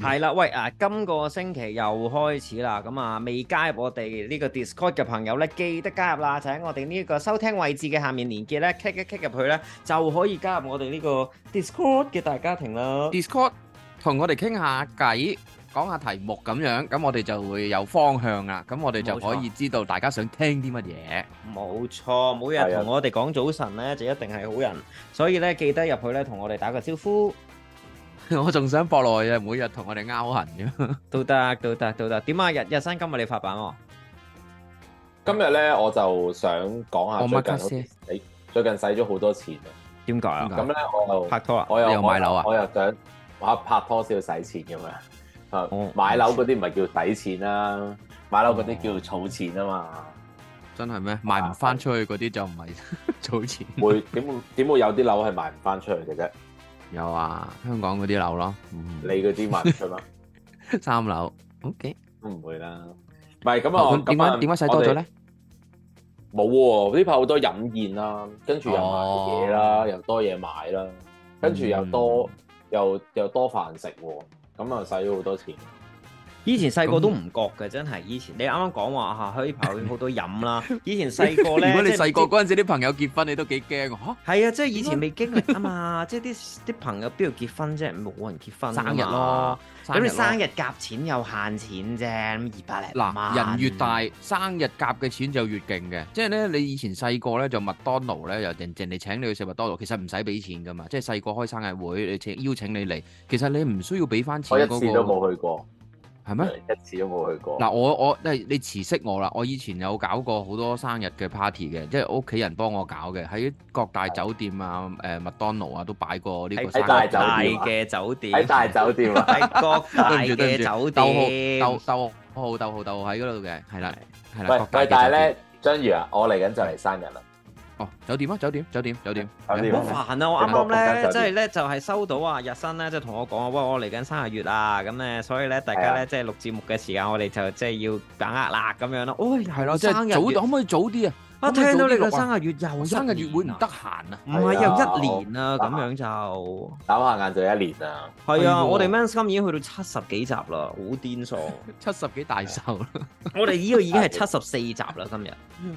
係啦，喂！啊，今個星期又開始啦，咁啊，未加入我哋呢個 Discord 嘅朋友呢，記得加入啦，就喺我哋呢個收聽位置嘅下面連結呢，k 一 k 入去呢，就可以加入我哋呢個 Discord 嘅大家庭啦。Discord 同我哋傾下偈，講下題目咁樣，咁我哋就會有方向啦，咁我哋就可以知道大家想聽啲乜嘢。冇錯冇錯，每日同我哋講早晨呢，係嘅就一定係好人，所以呢，記得入去呢，同我哋打個招呼。我仲想博落去啊！每日同我哋拗痕嘅，都得都得都得。點啊？日日新今日你發版喎，今日咧我就想講下最近，oh、my 你最近使咗好多錢啊？點解啊？咁咧我，我又拍拖啊，我又買樓啊，我又想嚇拍拖先要使錢咁樣，Oh, 買樓嗰啲唔係叫抵錢啊，買樓嗰啲、oh. 叫儲錢啊嘛。真係咩？賣唔翻出去嗰啲就唔係儲錢。 會點會點會有啲樓係賣唔翻出去嘅啫？有啊，香港嗰啲樓咯，你嗰啲賣出咯，三樓，OK，都唔會啦，唔係咁啊，點解點解使多咗咧？冇喎，呢排好多飲宴啦，跟住又買嘢啦，又多嘢買啦，跟住又多又又多飯食喎，咁啊，使咗好多錢。以前細個都唔覺嘅，真係以前你啱啱講話吓呢排好多飲啦。以前細個咧， 是如果你細個嗰陣時啲即朋友結婚，你都幾驚啊？係啊，即係以前未經歷啊嘛， 即係啲啲朋友邊度結婚即啫？冇人結婚生日咯，咁你生日夾錢又限錢啫，二百零嗱。人越大，嗯、生日夾嘅錢就越勁嘅，即係咧你以前細個咧就麥當勞咧，又人人哋請你去食麥當勞，其實唔使俾錢噶嘛。即係細個開生日會，你請邀請你嚟，其實你唔需要俾翻錢、嗰個。我一次都冇去過。係咩？一次都冇去過。嗱、啊，我我即係你遲識我啦。我以前有搞過好多生日嘅 party 嘅，即係屋企人幫我搞嘅，喺各大酒店啊、誒麥的、欸、當勞啊都擺過呢個。喺大嘅酒店，喺大酒店啊，喺的、啊、 各大嘅酒店。斗斗好斗好斗喺嗰度嘅，係啦係啦。喂喂，但係咧，章魚啊，我嚟緊就嚟生日啦！ 酒店啊，酒店，酒店，酒店。唔好煩啊！我啱啱咧，即係咧就係收到啊，日新咧即係同我講啊，喂，我嚟緊生日月啊，咁咧，所以咧大家咧即係錄節目嘅時間，我哋就即係要把握啦，咁樣咯。喂，係咯，即係生日，可唔可以早啲啊？我聽到你個生日月又生日月會唔得閒啊？唔係又一年啦，咁樣就眨下眼就一年啦。係啊，我哋 Men's Come 已經去到七十幾集啦，好癲傻，七十幾大壽。我哋呢個已經係七十四集啦，今日。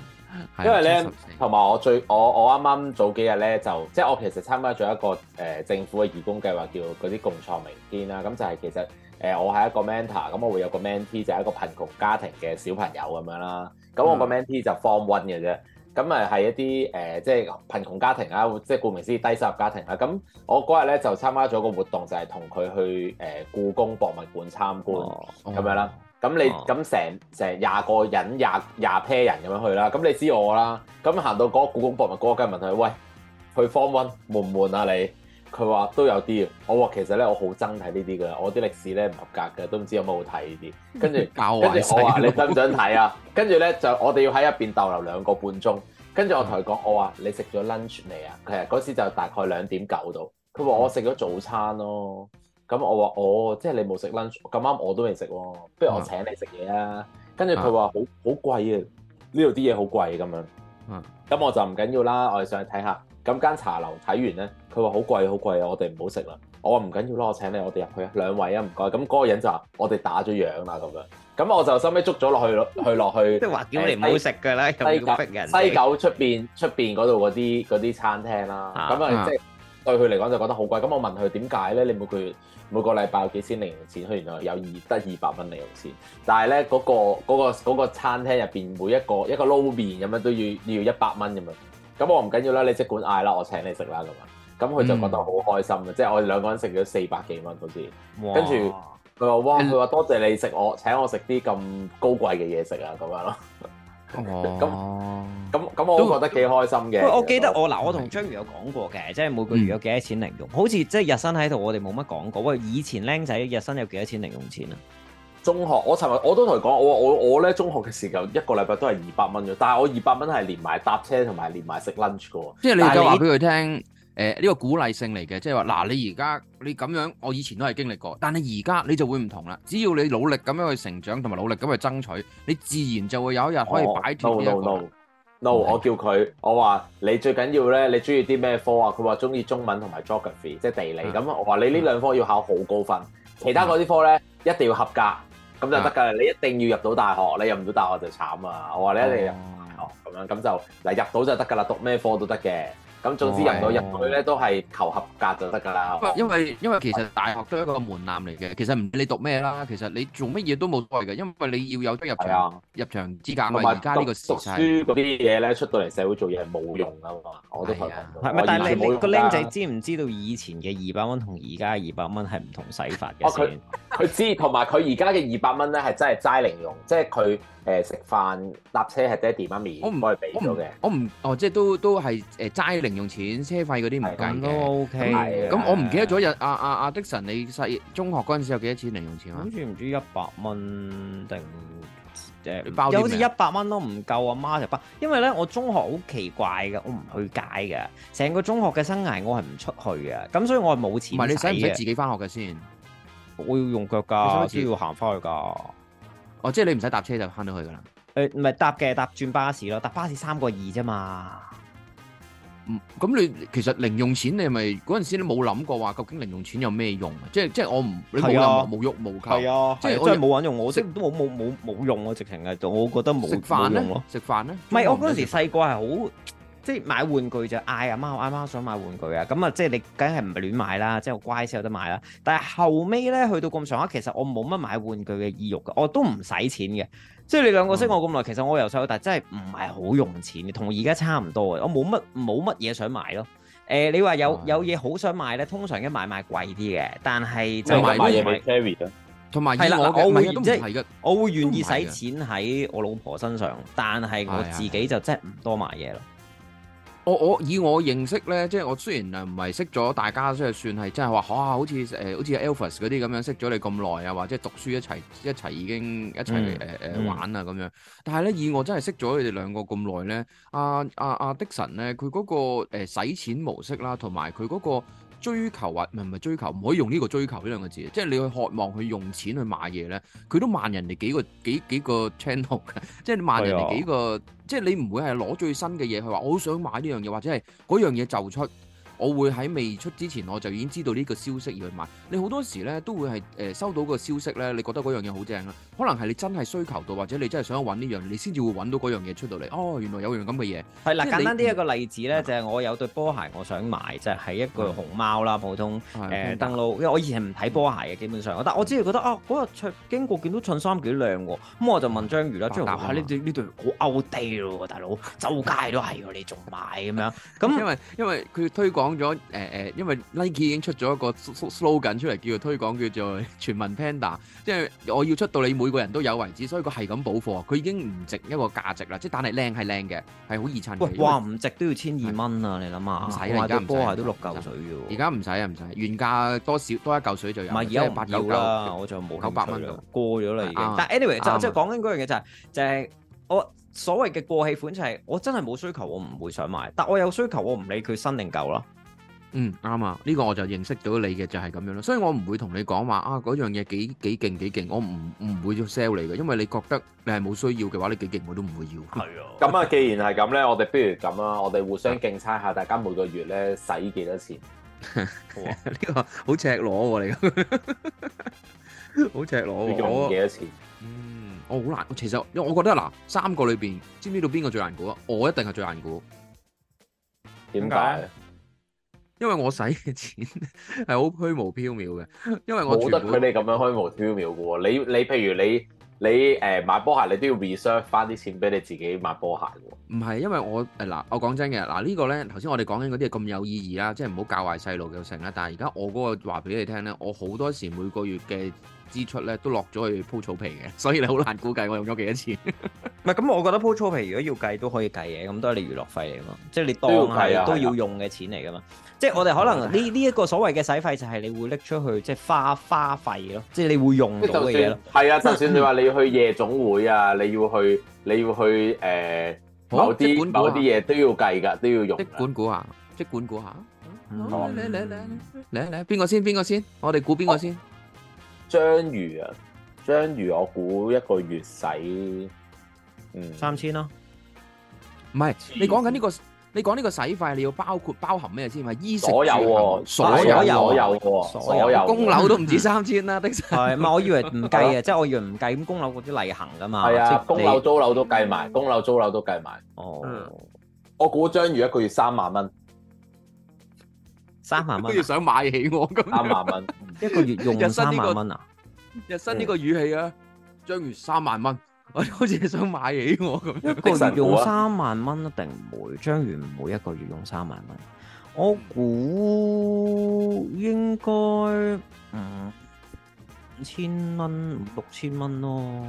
因為咧，同埋 74. 我最我我啱啱早幾日咧，就即係我其實參加咗一個誒、呃、政府嘅義工計劃，叫嗰啲共創明天啦。咁就係其實誒、呃、我係一個 mentor 咁、嗯、我會有個 mentee 就係一個貧窮家庭嘅小朋友咁樣啦。咁、嗯、我個 mentee 就 form one 嘅啫。咁咪係一啲誒、呃、即係貧窮家庭啊，即係顧名思義低收入家庭啦。咁、嗯、我嗰日咧就參加咗個活動，就係同佢去誒故宮博物館參觀咁、oh, okay. 樣啦。咁你咁成成廿個人廿廿 pair 人咁樣去啦，咁你知我啦。咁行到嗰個故宮博物館，我、那個、問佢：喂，去方 o r 悶唔悶啊？你？佢話都有啲。我話其實咧，我好憎睇呢啲噶，我啲歷史咧唔合格噶，都唔知有冇好睇呢啲。跟住教壞曬你，唔想睇啊！跟住咧就我哋要喺入邊逗留兩個半鐘。跟住、嗯、我同佢講，我話你食咗 lunch 未啊？其實嗰時就大概兩點九度。佢話我食咗早餐咯。咁我話哦，即係你冇食 lunch，咁啱我都未食喎，不如我請你食嘢啊！跟住佢話好好貴啊，呢度啲嘢好貴咁樣。嗯、啊，咁我就唔緊要啦，我哋上去睇下。咁間茶樓睇完咧，佢話好貴好貴，我哋唔好食啦。我話唔緊要啦，我請你，我哋入去兩位啊，唔該。咁嗰個人就話：我哋打咗烊啦咁樣。咁我就收尾捉咗落去咯，去落去。即係話叫你唔好食㗎啦，咁嘅逼人。西九出邊出邊嗰度嗰啲嗰啲餐廳啦，咁啊即係。對佢嚟講就覺得好貴，咁我問佢點解呢？你每個月每個禮拜有幾千零用錢，佢原來有二得二百蚊零用錢，但係呢，嗰、嗰個嗰、嗰個嗰個嗰個、餐廳入邊每一個一個撈麵咁樣都要要一百蚊咁樣，咁我唔緊要啦，你即管嗌啦，我請你食啦咁樣，咁佢就覺得好開心啊，嗯、即係我哋兩個人食咗四百幾蚊好似，跟住佢話哇，佢話多謝你食我請我食啲咁高貴嘅嘢食啊咁樣咯。咁咁咁，oh. 我都覺得幾開心嘅。我記得我嗱，就是、我同章魚有講過嘅，即、就、係、是、每個月有幾多錢零用，嗯、好似即係日薪喺度，我哋冇乜講過。喂，以前僆仔日薪有幾多錢零用錢啊？中學我尋日我都同佢講，我我我咧中學嘅時候一個禮拜都係二百蚊啫，但係我二百蚊係連埋搭車同埋連埋食 lunch 嘅。即係你就話俾佢聽。誒呢、呃這個鼓勵性嚟嘅，即係話嗱，你而家你咁樣，我以前都係經歷過，但係而家你就會唔同啦。只要你努力咁樣去成長同埋努力咁去爭取，你自然就會有一日可以擺脫呢一個、oh, No no, no, no. no、嗯、我叫佢，我話你最緊要咧，你中意啲咩科啊？佢話中意中文同埋 geography，即係地理。咁、嗯、我話你呢兩科要考好高分，嗯、其他嗰啲科咧一定要合格，咁就得㗎啦。嗯、你一定要入到大學，你入唔到大學就慘啊！我話你一定要入大學，咁、哦、樣咁就嚟入到就得㗎啦，讀咩科都得嘅。咁總之，入到入去咧都係求合格就得㗎啦。因為因為其實大學都係一個門檻嚟嘅。其實唔理你讀咩啦，其實你做乜嘢都冇所謂嘅，因為你要有入場、啊、入場資格啊嘛。而家呢個讀書嗰啲嘢咧，出到嚟社會做嘢係冇用㗎、啊、我都同佢講過。但係你個僆仔知唔知道以前嘅二百蚊同而家二百蚊係唔同使法嘅先？佢、啊、知，同埋佢而家嘅二百蚊咧係真係齋零用，即係佢。誒食、呃、飯搭車係爹哋媽咪，我唔可以俾到嘅，我唔哦，即係都都係誒齋零用錢車費嗰啲唔計都 OK 是。咁的我唔記得咗日阿阿阿的神，啊啊啊、ixon, 你細中學嗰陣時有幾多錢零用錢啊？呃、好似唔知一百蚊定誒，好似一百蚊都唔夠，阿媽就包。因為咧，我中學好奇怪嘅，我唔去街嘅，成個中學嘅生涯我係唔出去嘅，咁所以我係冇錢。唔係你使唔使自己翻學嘅先？我要用腳㗎，都要行翻去㗎。哦，即係你唔使搭車就返到去噶啦？誒、呃，唔係搭嘅，搭轉巴士咯，搭巴士三個二啫嘛。嗯，咁你其實零用錢你咪嗰陣時你冇諗過話，究竟零用錢有咩用啊？即係即係我唔，你冇用冇用冇卡，係啊，即係真係冇玩用，我即係都冇冇冇冇用我直情啊，我覺得冇冇用咯、啊。食飯咧？唔係是我嗰時細個係好。即係買玩具就嗌阿媽，媽，嗌阿媽，媽想買玩具啊！咁啊，即係你梗係唔係亂買啦？即係乖先有得買啦。但係後尾咧，去到咁上下，其實我冇乜買玩具嘅意欲嘅，我都唔使錢嘅。即係你兩個識我咁耐，嗯、其實我由細到大真係唔係好用錢嘅，同而家差唔多嘅。我冇乜冇乜嘢想買咯。誒、呃，你話有有嘢好想買咧，通常買賣一買買貴啲嘅，但係就係、買嘢俾 c 同埋，係啦，我即係我會願意使錢喺我老婆身上，但係我自己就真係唔多買嘢咯。我我以我認識咧，即係我雖然啊唔係識咗大家，即係算係即係話哇，好似誒、呃、好似 Elvis 嗰啲咁樣識咗你咁耐啊，或者讀書一齊一齊已經一齊誒誒玩啊咁樣。但係咧以我真係識咗你哋兩個咁耐咧，阿阿阿的神咧，佢、啊、嗰、啊嗰個使、呃、洗錢模式啦，同埋佢嗰個，追求或唔係唔係追求，唔可以用呢個追求呢兩個字，即係你去渴望去用錢去買嘢咧，佢都慢人哋幾個幾幾個 channel 嘅，即係慢人哋幾個，幾幾個即係、哎、呦你唔會係攞最新嘅嘢去話，我好想買呢樣嘢或者係嗰樣嘢就出。我會喺未出之前，我就已經知道呢個消息要去買。你好多時咧都會係誒收到個消息咧，你覺得嗰樣嘢好正啦，可能係你真係需求到，或者你真係想揾呢樣，你先至會揾到嗰樣嘢出到嚟。哦，原來有樣咁嘅嘢。係啦，簡單啲一,一個例子咧，就係、是、我有對波鞋，我想買，即、就、係、是、一個熊貓啦，普通登路。因為我以前唔睇波鞋嘅，基本上，但我只係覺得啊，嗰日穿經過見到襯衫幾靚喎，咁我就問章魚啦，章魚話：呢對呢對好歐弟咯，大佬，周街都係喎、啊，你仲買咁樣？咁 因為因為佢推廣。講咗誒誒，因為 Nike 已經出咗一個 slogan 出嚟，叫做推廣叫做全民 Panda，即係我要出到你每個人都有為止，所以佢係咁補貨，佢已經唔值一個價值啦。即但係靚係靚嘅，係好易襯嘅。喂，話唔值都要千二蚊啊！你諗下，唔使啦，而家唔使。波鞋都六嚿水嘅，而家唔使啊唔使，原價多少多一嚿水就有，即係八二九啦，我就冇九百蚊過咗啦。已經。但 anyway，即就講緊嗰樣嘢就係就係我所謂嘅過氣款就係我真係冇需求，我唔會想買。但我有需求，我唔理佢新定舊啦。嗯，啱啊，呢個我就認識到你嘅就係咁樣咯，所以我唔會同你講話啊嗰樣嘢幾幾勁幾勁，我唔唔會 sell 你嘅，因為你覺得你係冇需要嘅話，你幾勁我都唔會要。係啊，咁啊，既然係咁咧，我哋不如咁啦，我哋互相競猜下，大家每個月咧使幾多錢？呢個好赤裸喎，你咁，好赤裸。你用幾多錢？嗯，我好難，其實因為我覺得嗱，三個裏邊，知唔知道邊個最難估啊？我一定係最難估。點解？因為我使嘅錢係好虛無縹緲嘅，因為我覺得佢哋咁樣虛無縹緲噶，你你譬如你你誒、呃、買波鞋，你都要 research 翻啲錢俾你自己買波鞋唔係，因為我誒嗱，我講真嘅嗱，這個、呢個咧頭先我哋講緊嗰啲咁有意義啦，即係唔好教壞細路嘅成啦。但係而家我嗰個話俾你聽咧，我好多時每個月嘅。支出咧都落咗去鋪草皮嘅，所以你好難估計我用咗幾多錢。唔係咁，我覺得鋪草皮如果要計都可以計嘅，咁都係你娛樂費嚟噶嘛，即係你當係都要用嘅錢嚟噶嘛。要嗯、即係我哋可能呢呢一個所謂嘅使費，就係你會拎出去即係花花費咯，即係你會用到嘅嘢咯。係啊，就算你話你要去夜總會啊， 你要去你要去誒、呃哦、某啲某啲嘢都要計噶，都要用。即管估下，即管估下。好嚟嚟嚟嚟嚟，邊個、嗯、先？邊個先？我哋估邊個先？哦。章魚啊，章魚我估一個月使，嗯，三千咯。唔係你講緊呢個，你講呢個使費你要包括包含咩先啊？衣食住行，所有所有所有嘅，所有供樓都唔止三千啦，的確係咪？我以為唔計啊，即係我以為唔計咁供樓嗰啲例行噶嘛，係啊，供樓租樓都計埋，供樓租樓都計埋。哦，我估章魚一個月三萬蚊。三萬蚊、啊，好似想買起我咁。三萬蚊，一個月用三萬蚊啊日新、呢個！日新呢個語氣啊，將完 三萬蚊，好似想買起我咁樣。一個月用三萬蚊一定唔會，將完每一個月用三萬蚊，我估應該五、嗯、千蚊、六千蚊咯。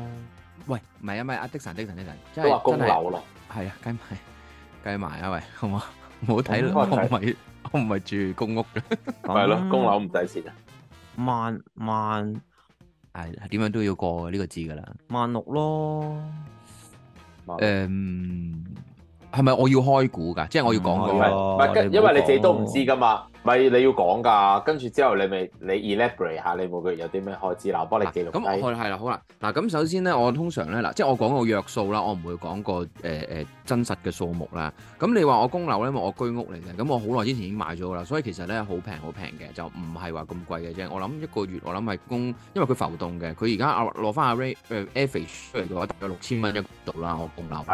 喂，唔係啊，唔係啊的神，的神即係供樓啦，係啊，計埋計埋啊，喂，好嘛，唔好睇，我唔係。我唔係住公屋嘅，係 咯、嗯，供樓唔使錢啊，萬萬係點樣都要過呢、這個字噶啦，萬六咯，誒嗯。萬六係咪我要開估噶？即係我要講佢，唔 因為你自己都唔知噶嘛，咪你要講噶，跟住之後你咪你 elaborate 下你每個月有啲咩開支啦，我幫你記錄、啊。咁係係啦，好啦，嗱咁首先咧，我通常咧嗱，即係我講個約數啦，我唔會講個誒誒真實嘅數目啦。咁你話我供樓咧，我居屋嚟嘅，咁我好耐之前已經買咗噶啦，所以其實咧好平好平嘅，就唔係話咁貴嘅啫。Oul，我諗一個月我諗係供，因為佢浮動嘅，佢而家阿攞翻阿 Ray 誒 Average 嘅話，大概六千蚊一度啦， la，我供樓。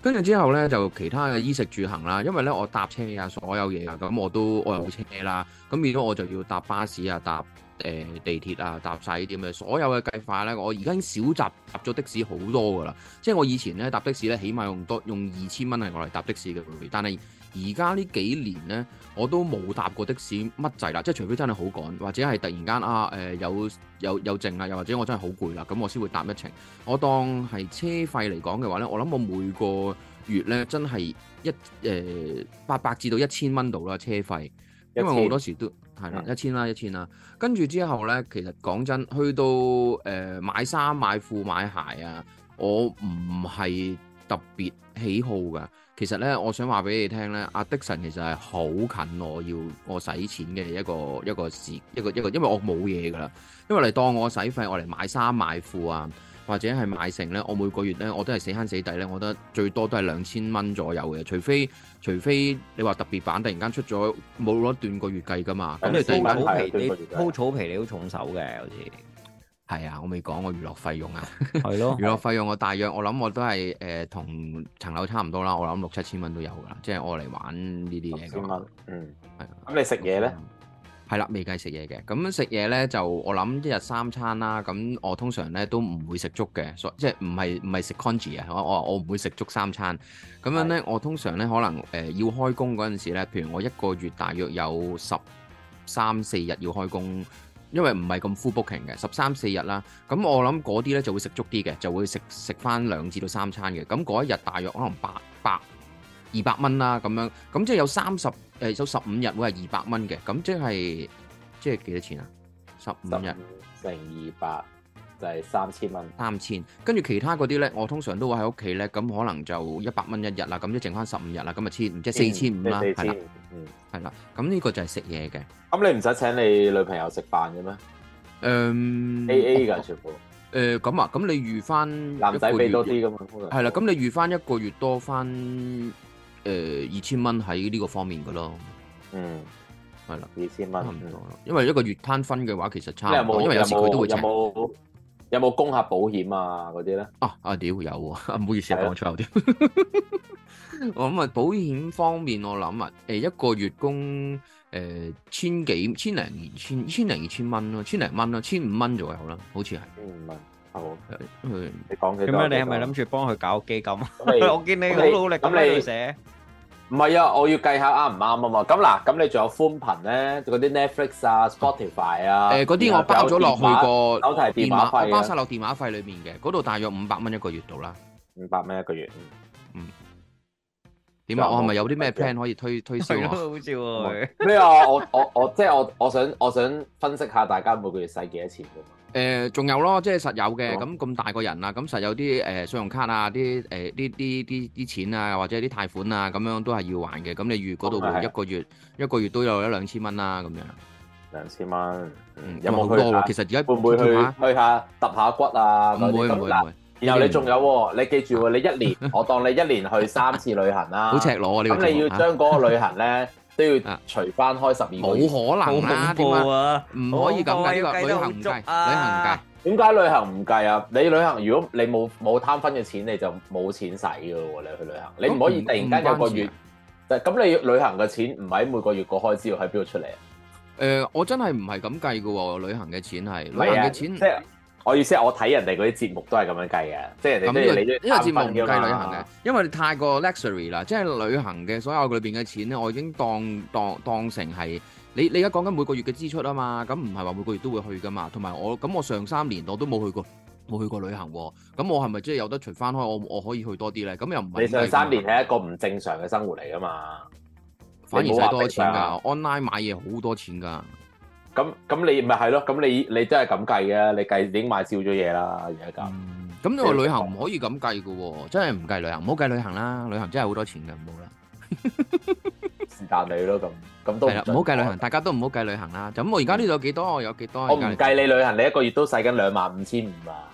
跟住之後呢，就其他嘅衣食住行啦。因為呢，我搭車啊，所有嘢啊，咁我都我又冇車啦。咁變咗我就要搭巴士啊，搭誒、呃、地鐵啊，搭曬呢啲嘅。所有嘅計法呢，我而家已經少搭搭咗的士好多㗎啦。即係我以前咧搭的士呢，起碼用多用二千蚊係我嚟搭的士嘅，但係。而家呢幾年呢，我都冇搭過的士，乜滯啦，即係除非真係好趕，或者係突然間啊，誒、呃、有有有剩啊，又或者我真係好攰啦，咁我先會搭一程。我當係車費嚟講嘅話呢，我諗我每個月呢真係一誒八百至到一千蚊度啦，車費。因為我好多時都係啦，一千啦，一千啦。跟住之後呢，其實講真，去到誒、呃、買衫、買褲、買鞋啊，我唔係特別喜好㗎。其實咧，我想話俾你聽咧，阿的神其實係好近我要，要我使錢嘅一個一個事一個一個,一個，因為我冇嘢噶啦。因為你當我使費，我嚟買衫買褲啊，或者係買成咧，我每個月咧我都係死慳死抵咧，我覺得最多都係兩千蚊左右嘅。除非除非你話特別版突然間出咗，冇咗段個月計噶嘛。咁、嗯、你突然間皮，你鋪草皮你好重手嘅好似。係啊，我未講過娛樂費用啊， 娛樂費用我大約我諗我都係誒同層樓差唔多啦，我諗六七千蚊都有㗎啦，即係我嚟玩呢啲嘢。咁啊，嗯，係啊、咁、你食嘢咧？係啦、啊，未計食嘢嘅。咁食嘢咧就我諗一日三餐啦。咁我通常咧都唔會食粥嘅，所即係唔係唔係食 congee 啊？我我我唔會食粥三餐。咁樣咧，的我通常咧可能誒、呃、要開工嗰陣時咧，譬如我一個月大約有十三四日要開工。因為唔係咁 full booking 嘅，十三四日啦，咁我諗嗰啲咧就會食足啲嘅，就會食食翻兩至到三餐嘅，咁嗰一日大約可能百百二百蚊啦咁樣，咁即係有三十誒，有十五日會係二百蚊嘅，咁即係即係幾多錢啊？十五日零二百。10, 就係三千蚊，三千，跟住其他嗰啲咧，我通常都會喺屋企咧，咁可能就一百蚊一日啦，咁就剩翻十五日啦，咁咪千，即係四千五啦，係啦，嗯，係啦，咁呢個就係食嘢嘅。咁你唔使請你女朋友食飯嘅咩？誒，A A 㗎，全部。誒，咁啊，咁你預翻男仔俾多啲㗎嘛？係啦，咁你預翻一個月多翻誒二千蚊喺呢個方面嘅咯。嗯，係啦，二千蚊，因為一個月攤分嘅話，其實差唔多，因為有時佢都會請有冇供下保險啊？嗰啲咧？哦，啊屌有啊！唔好意思講粗口啲。我諗啊，保險方面我諗啊，誒一個月供誒千幾千零二千千零二千蚊咯，千零蚊咯，千五蚊左右啦，好似係。千五蚊，好。嗯，你講幾多？咁你係咪諗住幫佢搞基金啊？我見你好努力咁嚟寫。唔係啊，我要計下啱唔啱啊嘛。咁嗱，咁你仲有寬頻咧？嗰啲 Netflix 啊、Spotify 啊，誒嗰啲我包咗落去個手提電話，我包曬落電話費裏面嘅。嗰度大約五百蚊一個月度啦。五百蚊一個月，嗯。點啊？我係咪有啲咩 plan 可以推推銷啊？咩啊？我我我即係我我想我想分析下大家每個月使幾多錢嘅。誒，仲有咯，即係實有嘅，咁咁大個人啦，咁實有啲誒信用卡啊，啲誒啲啲啲啲錢啊，或者啲貸款啊，咁樣都係要還嘅。咁你預嗰度一個月一個月都有一兩千蚊啦，咁樣。兩千蚊，嗯，有冇多喎。其實而家會唔會去去下揼下骨啊嗰啲？會唔會？然後你仲有喎，你記住喎，你一年我當你一年去三次旅行啦。好赤裸啊！呢個咁你要將嗰個旅行咧。都要除翻開十二個月，冇可能啦，點啊？唔可以咁計啊！旅行唔計啊？點解旅行唔計啊？你旅行如果你冇冇攤分嘅錢，你就冇錢使噶咯？你去旅行，你唔可以突然間有個月，就咁你旅行嘅錢唔係每個月個開支要喺邊度出嚟？誒，我真係唔係咁計噶，旅行嘅錢係旅行嘅錢。我意思，我睇人哋嗰啲節目都係咁樣計嘅，即係人哋都啱，因為節目唔計旅行嘅，因為你太過 luxury 啦。即係旅行嘅所有裏邊嘅錢咧，我已經當當當成係你你而家講緊每個月嘅支出啊嘛。咁唔係話每個月都會去噶嘛。同埋我咁，我上三年我都冇去過，冇去過旅行喎。咁我係咪真係有得除翻開我我可以去多啲咧？咁又唔係你上三年係一個唔正常嘅生活嚟噶嘛？反而使多錢㗎，online 買嘢好多錢㗎。咁咁你咪係咯，咁你你真係咁計啊？你計已經買少咗嘢啦，而家咁。咁你話旅行唔可以咁計㗎喎，真係唔計旅行，唔好計旅行啦，旅行真係好多錢嘅，唔好啦。是 但你咯，咁咁都係啦，唔好計旅行，大家都唔好計旅行啦。咁、嗯、我而家呢度有幾多？我有幾多？我唔計你旅行，你一個月都使緊兩萬五千五啊！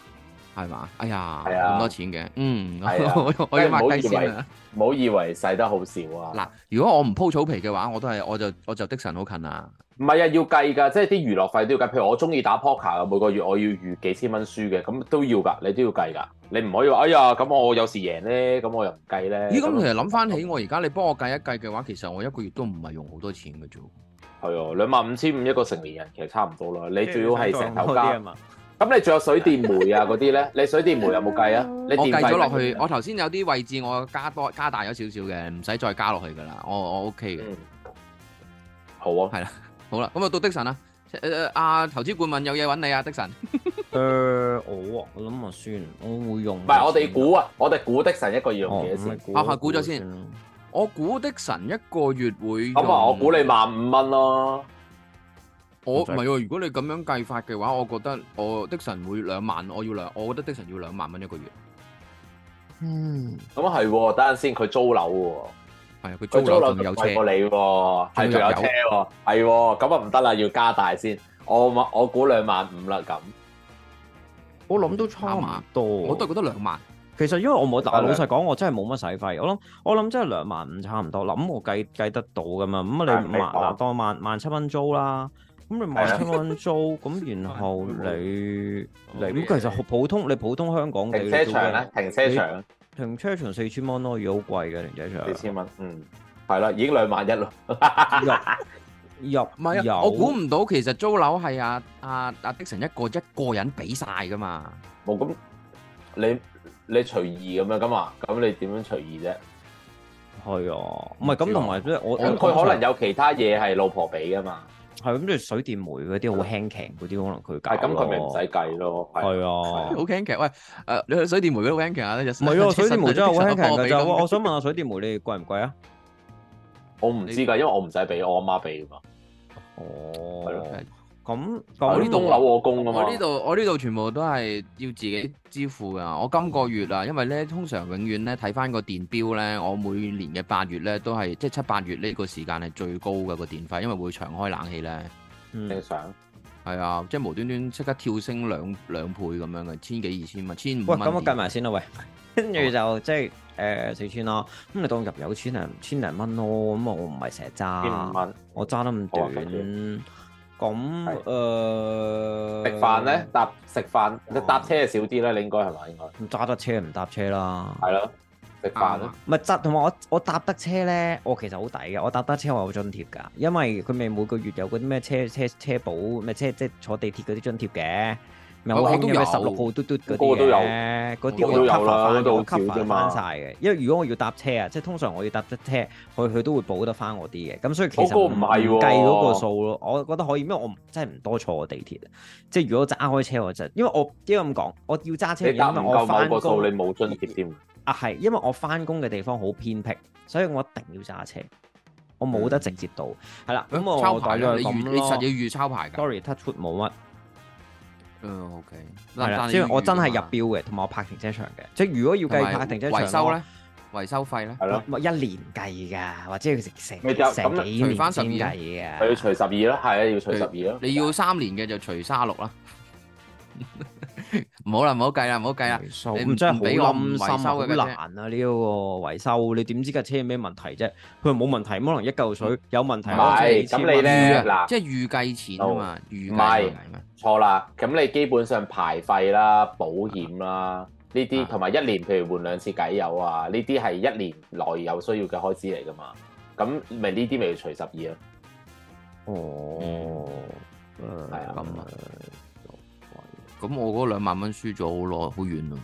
係嘛？哎呀，咁、啊、多錢嘅，嗯，我、啊、 我要計先唔好以為細得好少啊。嗱，如果我唔鋪草皮嘅話，我都係，我就我就的神好近啊。唔係啊，要計噶，即係啲娛樂費都要計。譬如我中意打 poker 每個月我要預幾千蚊輸嘅，咁都要噶，你都要計噶。你唔可以話，哎呀，咁我有時贏咧，咁我又唔計咧。咦，咁其實諗翻起我而家你幫我計一計嘅話，其實我一個月都唔係用好多錢嘅啫。係啊，兩萬五千五一個成年人其實差唔多啦。你最好係成頭加。嗯嗯嗯嗯嗯咁你仲有水電煤啊嗰啲咧？你水電煤有冇計啊你？我計咗落去。我頭先有啲位置我加多加大咗少少嘅，唔使再加落去噶啦。我我 OK 嘅。嗯，好啊，係啦，好啦，咁啊到的神啊，誒誒阿投資顧問有嘢揾你啊的神。誒我我諗啊算，我會用。唔係我哋估啊，我哋估的神一個月用幾多先？下下估咗先。我估的神一個月會。咁啊，我估你萬五蚊咯。我唔係喎，如果你咁樣計法嘅話，我覺得我的神每月兩萬，我要兩，我覺得的神要兩萬蚊一個月。嗯，咁啊係喎，等陣先，佢租樓嘅喎，係佢、哎、租樓仲有車，過你係、哦、仲有車，係咁啊唔得啦，要加大先。我我我估兩萬五啦，咁我諗都差唔多，我都係覺得兩萬。其實因為我冇，實但係老實講，我真係冇乜使費。我諗我諗真係兩萬五差唔多啦。咁我計計得到噶嘛？咁啊你萬嗱多萬萬七蚊租啦。咁你萬七蚊租，咁然後你你咁其實好普通，你普通香港嘅停車場咧，停車場停車場四千蚊都可以好貴嘅停車場，四千蚊，嗯，係啦，已經兩萬一咯，入萬一，我估唔到其實租樓係阿阿阿的神一個一個人俾晒噶嘛，冇咁你你隨意咁樣㗎嘛，咁你點樣隨意啫？係啊，唔係咁同埋即係我佢可能有其他嘢係老婆俾噶嘛。係咁，即水電煤嗰啲好輕鬆嗰啲，可能佢計咁，佢咪唔使計咯。係啊，好輕鬆。喂，誒，你去水電煤都好輕鬆啊？唔係啊，水電煤真係好輕鬆我，我想問下水電煤，你貴唔貴啊？我唔知㗎，因為我唔使俾，我阿媽俾㗎嘛。哦， oh, okay. 咁我呢棟樓我供啊嘛，我呢度我呢度全部都係要自己支付噶。我今個月啊，因為咧通常永遠咧睇翻個電表咧，我每年嘅八月咧都係即係七八月呢，月呢、這個時間係最高嘅、這個電費，因為會長開冷氣咧。你想？係、嗯、啊，即係無端端即刻跳升兩兩倍咁樣嘅，千幾二千蚊，千五元元元喂。喂，咁我計埋先啦喂，跟住就即係誒四千咯，咁、呃、你當入有千零千零蚊咯，咁我我唔係成日揸，千五蚊，我揸得咁短。咁誒食飯咧搭食飯，啊、你搭車少啲咧，你應該係咪？應該揸得車唔搭車啦，係咯，食飯。唔咪、嗯，揸同埋我我搭得車咧，我其實好抵嘅，我搭得車我有津貼㗎，因為佢咪每個月有嗰啲咩車車車保咩車，即係坐地鐵嗰啲津貼嘅。唔係好興嘅，十六號嘟嘟嗰啲，都有嗰啲我都有 cover 翻，我 cover 翻曬嘅。因為如果我要搭車啊，即係通常我要搭的車，佢佢都會補得翻我啲嘅。咁所以其實唔係計嗰個數咯，我覺得可以，因為我真係唔多坐地鐵。即係如果揸開車，我就因為我依家咁講，我要揸車，你搭唔夠買個數，你冇津貼添啊？係因為我翻工嘅地方好偏僻，所以我一定要揸車，我冇得直接到。係啦，咁我大概咁咯。你實要預抄牌嘅 sorry touch wood 冇乜。嗯，OK，係啦，即係我真係入標嘅，同埋我泊停車場嘅，即係如果要計泊停車場，維修咧，維修費咧，係咯了，咪一年計噶，或者要成成成幾年先計嘅，要除十二啦，係啊，要除十二啦，你要三年嘅就除卅六啦。 唔好啦，唔好計啦，唔好計啦，你唔真係好諗維修，好難啊！呢個維修，你點知架車有咩問題啫？佢話冇問題，可能一嚿水有問題。唔係，咁你咧嗱，即係預計錢啊嘛？唔係，錯啦。咁你基本上排費啦、保險啦呢啲，同埋一年，譬如換兩次計油啊，呢啲係一年內有需要嘅開支嚟噶嘛？咁咪呢啲咪要除十二啊？哦，係啊。咁我嗰兩萬蚊輸咗好耐，好遠咯。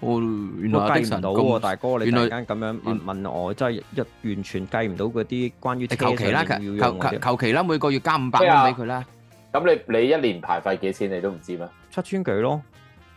我原來計唔到啊，大哥，你突然間咁樣問問我，真係一完全計唔到嗰啲關於求其啦，求求求其啦，每個月加五百蚊俾佢啦。咁你你一年排費幾多錢，你都唔知咩？七千幾咯，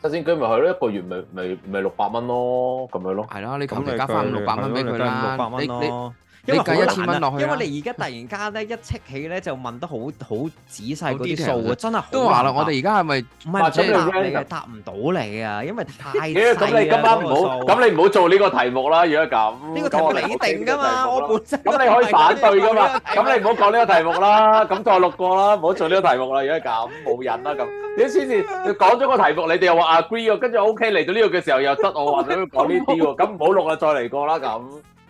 七千幾咪係咯，一個月咪咪咪六百蚊咯，咁樣咯。係啦，你咁就加翻五六百蚊俾佢啦，你你。你計一千蚊落去，因為你而家突然間咧一戚起咧就問得好好仔細啲數啊，真係都話啦，我哋而家係咪唔係你答你？答唔到你啊，因為太細咁你今晚唔好，咁你唔好做呢個題目啦。如果咁，呢個題目你定㗎嘛？我本身咁你可以反對㗎嘛？咁你唔好講呢個題目啦，咁再錄過啦，唔好做呢個題目啦。如果咁冇癮啦咁。你先至講咗個題目，你哋又話 agree 喎，跟住 O K 嚟到呢度嘅時候又得我話點講呢啲喎？咁唔好錄啊，再嚟過啦咁。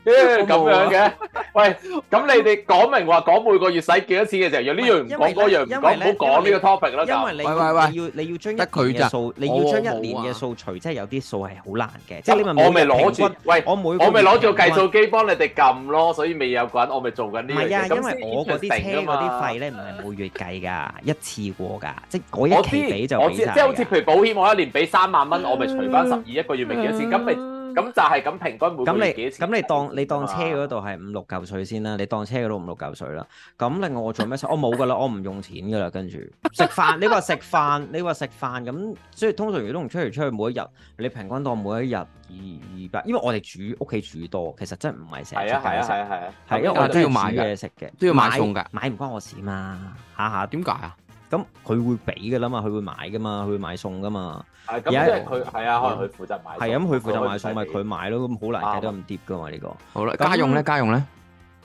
咁樣嘅？喂，咁你哋講明話講每個月使幾多錢嘅時候，呢樣唔講，嗰樣唔講，唔好講呢個 topic 啦。喂喂喂，要你要將一佢數，你要將一年嘅數除，即係有啲數係好難嘅。即係你我咪攞住，喂我每我咪攞住個計數機幫你哋撳咯，所以未有個人我咪做緊呢樣嘢。唔係啊，因為我嗰啲車嗰啲費咧唔係每月計噶，一次過噶，即係嗰一期俾就俾晒。即係好似譬如保險，我一年俾三萬蚊，我咪除翻十二一個月咪幾多錢？咁咪咁就係咁平均每個月，咁你咁你當你當車嗰度係五六嚿水先啦，你當車嗰度五六嚿水啦。咁另外我做咩？我冇噶啦，我唔用錢噶啦。跟住食飯，你話食飯，你話食飯咁，所以通常如果唔出嚟出去每一日，你平均當每一日二二百，因為我哋煮屋企煮多，其實真係唔係成日煮嘢食。係啊係啊係啊係啊，係、啊啊啊啊、因為我都要買嘢食嘅，都要買餸㗎買。買唔關我事嘛，下下點解啊？咁佢會俾噶啦嘛，佢會買噶嘛，佢會買餸噶嘛。係咁，佢係啊，可能佢負責買。係咁佢負責買餸咪佢買咯，咁好難睇得咁跌噶嘛呢個。好啦，家用咧，家用咧，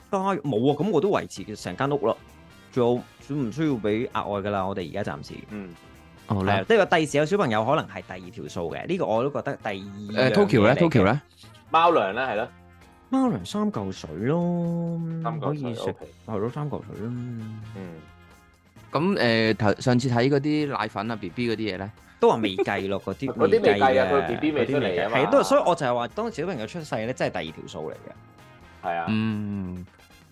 家用冇啊，咁我都維持成間屋咯，仲有唔需要俾額外噶啦，我哋而家暫時。嗯。哦，即係話第時有小朋友可能係第二條數嘅，呢個我都覺得第二。誒，Tokyo 咧，Tokyo 咧，貓糧咧，係咯，貓糧三嚿水咯，可以食係咯三嚿水咯。嗯。咁誒頭上次睇嗰啲奶粉啊 B B 嗰啲嘢咧，寶寶呢都話未計咯，嗰啲嗰啲未計啊，佢 B B 未出嚟嘅嘛，係都所以我就係話，當小朋友出世咧，真係第二條數嚟嘅，係啊，嗯，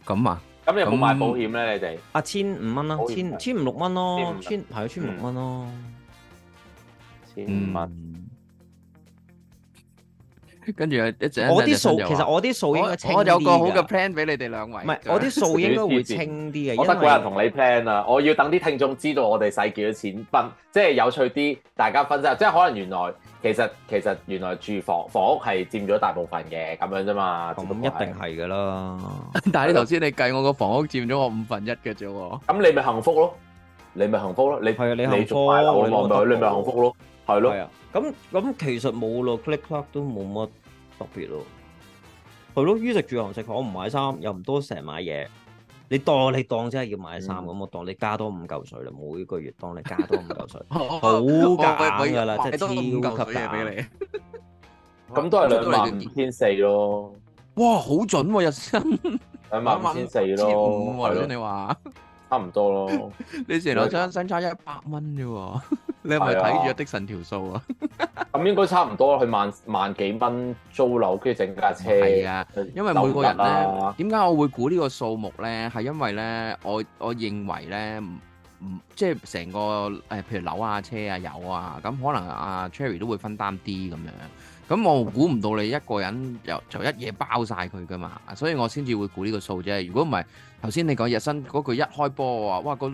咁啊，咁你有冇買保險咧？你哋啊，千五蚊咯，千千五六蚊咯，千係千五六蚊咯，千五蚊，嗯 1, 跟住一，我啲數其實我啲數應該清啲嘅。我有個好嘅 plan 俾你哋兩位。唔係，我啲數應該會清啲嘅。我得個人同你 plan 啊！我要等啲聽眾知道我哋使幾多錢分，即係有趣啲，大家分析。即係可能原來其實其實原來住房房屋係佔咗大部分嘅咁樣啫嘛。咁一定係㗎啦。但係你頭先你計我個房屋佔咗我五分一嘅啫喎。咁你咪幸福咯，你咪幸福咯，你你你做埋我望住佢，你咪幸福咯，係咯。咁咁其實冇咯，click clock 都冇乜特別咯，係咯，衣食住行，食飯唔買衫，又唔多成日買嘢。你當你當真係要買衫咁，我當你加多五嚿水啦，每個月當你加多五嚿水，好假噶啦，即係超級假。咁都係兩萬五千四咯。哇，好準喎，日新兩萬五千四咯，係咯，你話差唔多咯。你成兩張相差一百蚊啫喎。你係咪睇住的神條數啊？咁 應該差唔多去佢萬萬幾蚊租樓，跟住整架車。係啊，因為每個人咧，點解我會估呢個數目咧？係因為咧，我我認為咧，唔唔，即係成個誒，譬如樓啊、車啊、油啊，咁可能阿 Cherry 都會分擔啲咁樣。咁我估唔到你一個人就一夜包曬佢㗎嘛，所以我先至會估呢個數啫。如果唔係，頭先你講日新嗰句一開波啊，哇個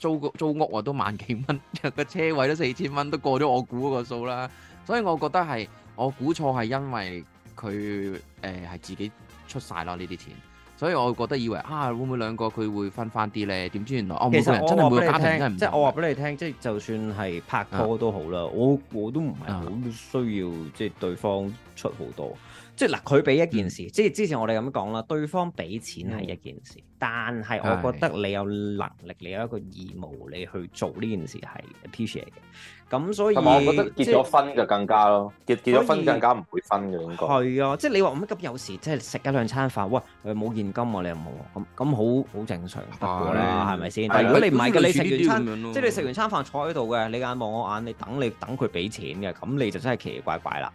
租租屋啊都萬幾蚊，個車位都四千蚊，都過咗我估嗰個數啦。所以我覺得係我估錯係因為佢係、呃、自己出曬咯呢啲錢。所以我覺得以為啊，會唔會兩個佢會分翻啲呢？點知原來我每個人真係，每個家庭真係唔，即係我話俾你聽，即係就算係拍拖都好啦，啊，我我都唔係好需要、啊、即係對方出好多。即係嗱，佢俾一件事，嗯、即係之前我哋咁講啦，對方俾錢係一件事，但係我覺得你有能力，你有一個義務，你去做呢件事係 appreciate 嘅。咁所以，我覺得結咗婚就更加咯，結結咗婚更加唔會分嘅應該。係啊，即係你話咁，有時即係食一兩餐飯，哇！冇現金啊，你又冇咁咁好好正常。不過咧，係咪先？但係如果你唔係嘅，你食完餐，即係你食完餐飯坐喺度嘅，你眼望我眼，你等你等佢俾錢嘅，咁你就真係奇奇怪怪啦。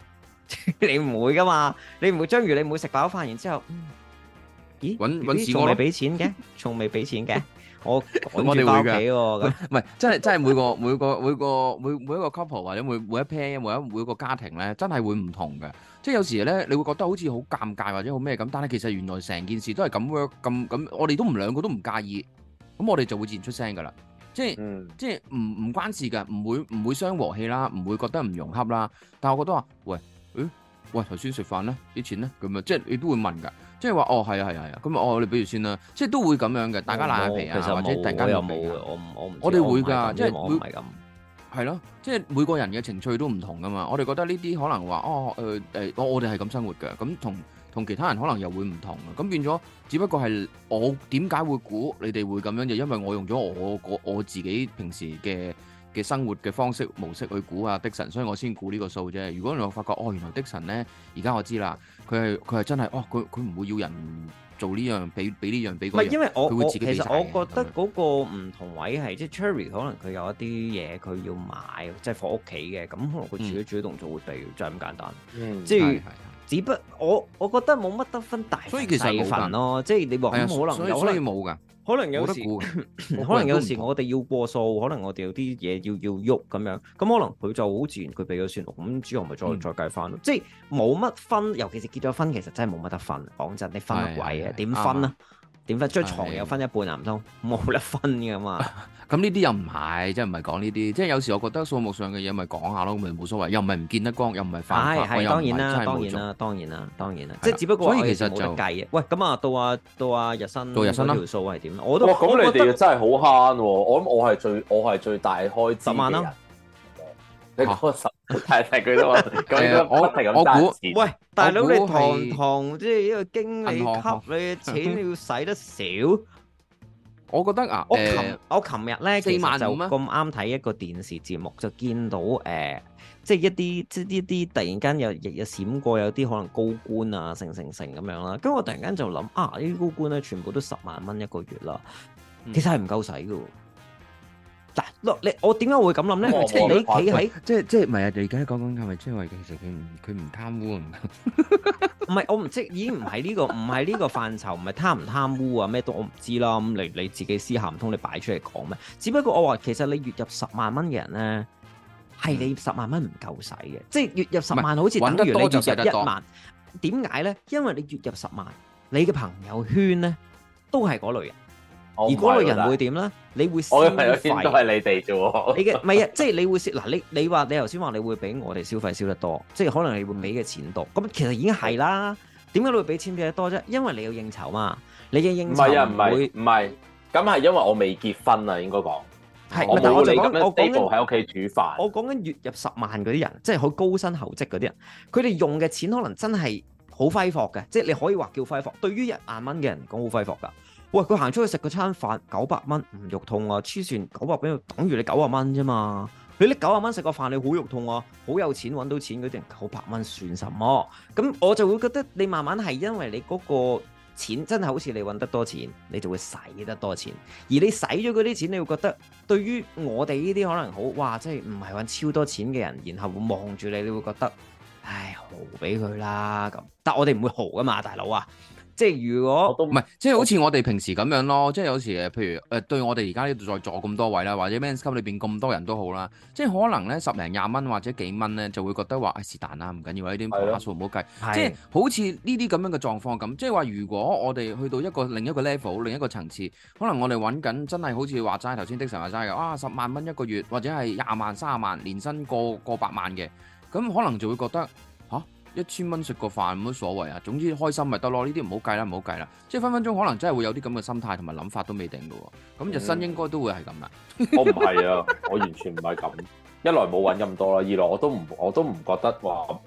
你唔會噶嘛？你唔會章魚，你唔會食飽咗飯，然之後，咦？揾揾錢仲未俾錢嘅，仲未俾錢嘅。我我哋會嘅，唔係真係真係每個每個每個每每一個 couple 或者每每一 pair 每一每個家庭咧，真係會唔同嘅。即係有時咧，你會覺得好似好尷尬或者好咩咁，但係其實原來成件事都係咁 work 咁咁，我哋都唔兩個都唔介意，咁我哋就會自然出聲噶啦。即係即係唔唔關事㗎，唔會唔會傷和氣啦，唔會覺得唔融洽啦。但係我覺得話，喂，嗯。喂，頭先食飯咧，啲錢咧，咁啊，即係你都會問噶，即係話哦，係啊，係啊，係、嗯、啊，咁、哦、啊，我你比如先啦，即係都會咁樣嘅，哦、大家賴下皮啊，哦、或者大家又冇、啊，我我我哋會噶、啊，即係會係咁，係咯，即係每個人嘅情緒都唔同噶嘛，我哋覺得呢啲可能話哦，誒、呃，誒、呃，我我哋係咁生活嘅，咁同同其他人可能又會唔同嘅，咁變咗，只不過係我點解會估你哋會咁樣，就因為我用咗我我自己平時嘅。嘅生活嘅方式模式去估啊的神，所以我先估呢個數啫。如果你我發覺哦，原來的神咧，而家我知啦，佢係佢係真係哦，佢佢唔會要人做呢樣，俾俾呢樣，俾佢。因為我我其實我覺得嗰個唔同位係、嗯、即係 Cherry 可能佢有一啲嘢佢要買，即係放屋企嘅，咁可能佢自己主動做會俾，嗯、就係咁簡單。即係、嗯。只不，我我覺得冇乜得分大細份咯，即係你話的可能有，可能冇嘅，可能有時有 可能有時我哋要過數，可能我哋有啲嘢要要喐咁樣，咁可能佢就好自然佢俾咗算咯，咁之後咪再、嗯、再計翻咯，即係冇乜分，尤其是結咗婚，其實真係冇乜得分，講真，你分乜鬼嘅？點的分啊？點解張床又分一半？唔通冇得分嘅嘛？咁呢啲又唔係，即係唔係講呢啲？即係有時我覺得數目上嘅嘢咪講下咯，咪冇所謂。又唔係唔見得光，又唔係犯法。當然啦，當然啦，當然啦，當然啦。即係只不過，所以其實冇得計嘅。喂，咁啊，到啊到啊日新到日新啦、啊，條數係點咧？我都哇，咁、哦哦、你哋真係好慳喎、啊！我諗我係最我係最，最大開支十萬啦、啊。你講十。係係佢都話咁樣，我我估，喂，大佬你堂堂即係一個經理級咧，錢要使得少。我覺得啊、呃，我我琴日咧起碼就咁啱睇一個電視節目，就見到誒、呃，即係一啲即啲啲突然間又日日閃過有啲可能高官啊，成成成咁樣啦。咁我突然間就諗啊，呢、啊、啲高官咧全部都十萬蚊一個月啦，其實係唔夠使嘅。嗱，你我點解會咁諗咧？即係你企喺，即係即係唔係啊？你而家講緊係咪即係話其實佢唔佢唔貪污啊？唔係，我唔知已經唔係呢個唔係呢個範疇，唔係貪唔貪污啊？咩都我唔知啦。咁你你自己私下，唔通你擺出嚟講咩？只不過我話其實你月入十萬蚊嘅人咧，係你十萬蚊唔夠使嘅，即係月入十萬好似等於你月入一萬。點解咧？因為你月入十萬，你嘅朋友圈咧都係嗰類人，而嗰類人會點咧？你會消費，都係你哋啫喎。你嘅唔係啊，即係你會消嗱，你你話你頭先話你會俾我哋消費少得多，即係可能你會俾嘅錢多。咁其實已經係啦。點解你會俾錢俾得多啫？因為你要應酬嘛。你嘅應酬唔係啊，唔係唔係，咁係因為我未結婚啊，應該講係。的我哋我講緊喺屋企煮飯。我講緊月入十萬嗰啲人，即係好高薪厚職嗰啲人，佢哋用嘅錢可能真係好揮霍嘅，即係你可以話叫揮霍。對於一萬蚊嘅人講好揮霍㗎。喂，佢行出去食個餐飯九百蚊唔肉痛啊！黐線！九百蚊等於你九啊蚊啫嘛，你搦九啊蚊食個飯你好肉痛啊，好有錢，揾到錢嗰啲人九百蚊算什麼？咁我就會覺得，你慢慢係因為你嗰個錢真係好似你揾得多錢，你就會使得多錢，而你使咗嗰啲錢你會覺得，對於我哋呢啲可能好，哇，即係唔係揾超多錢嘅人，然後會望住你，你會覺得，唉，豪俾佢啦。咁，但我哋唔會豪㗎嘛，大佬啊！即係如果唔係都，即係好似我哋平時咁樣咯。即係有時譬如誒、呃，對我哋而家呢度在座咁多位啦，或者 Men's Come 裏邊咁多人都好啦。即係可能咧十零廿蚊或者幾蚊咧，就會覺得話係是但啦，唔緊要呢啲數唔好計。即係好似呢啲咁樣嘅狀況咁。即係話如果我哋去到一個另一個 level，另一個層次，可能我哋揾緊真係好似話齋頭先的神話齋嘅，哇、啊！十萬蚊一個月或者係廿萬三十萬年薪過過百萬嘅，咁可能就會覺得。一千蚊食個飯冇乜所謂啊，總之開心咪得咯，呢啲唔好計啦，唔好計啦，即係分分鐘可能真係會有啲咁嘅心態同埋諗法都未定嘅喎、啊，咁、哦、日新應該都會係咁啦。我唔係啊， 我完全唔係咁。一來冇揾咁多啦，二來我都唔我都唔覺得話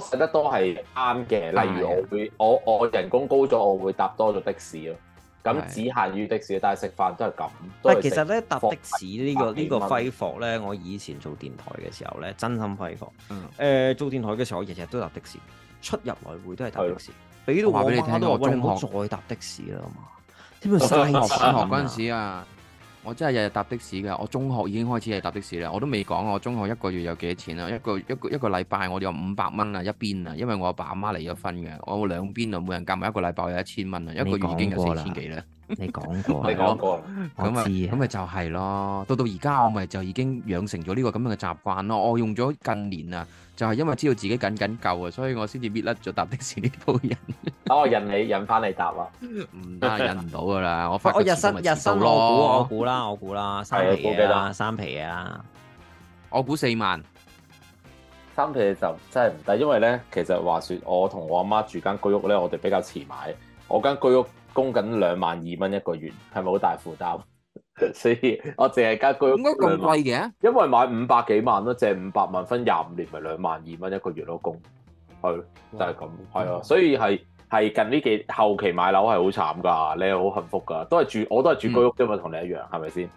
食得多係啱嘅。例如我會我我人工高咗，我會搭多咗的士咯。咁只限於的士，但係食飯都係咁。但係其實咧搭的士，呢個，個呢個呢個揮霍咧，我以前做電台嘅時候咧，真心揮霍。誒、嗯呃、做電台嘅時候，我日日都搭的士，出入來回都係搭的士，俾的到我媽，媽都話，你唔好再搭的士啦嘛。點解新學新學軍子啊？ 我真係日日搭的士嘅，我中學已經開始係搭的士啦，我都未講我中學一個月有幾多錢啊，一個一個一個禮拜我哋有五百蚊啊，一邊啊，因為我阿爸阿媽離咗婚嘅，我兩邊啊，每人夾埋一個禮拜有一千蚊啊，一個月已經有四千幾啦。你講過，你講過，就我知，咁咪就係咯。到到而家我咪就已經養成咗呢個咁樣嘅習慣咯。我用咗近年啊，就係、是、因為知道自己緊緊夠啊，所以我先至搣甩咗搭的士呢鋪人。等我忍你答引翻嚟搭啦，唔得，忍唔到噶啦。我發覺我日新日新，我估我估啦，我估啦，三皮嘢啦， 三皮嘢啦，我估四萬。三皮嘢就真係唔得，因為咧，其實話說，我同我阿媽住間居屋咧，我哋比較遲買，我間居屋。供緊兩萬二蚊一個月，係咪好大負擔？ 所以我淨係加居屋。點解咁貴嘅？因為買五百幾萬咯，借五百萬分廿五年，咪兩萬二蚊一個月咯，供係就係、是、咁。係啊，所以係係近呢幾後期買樓係好慘㗎，你係好幸福㗎，都係住我都係住居屋啫嘛，同、嗯、你一樣係咪先？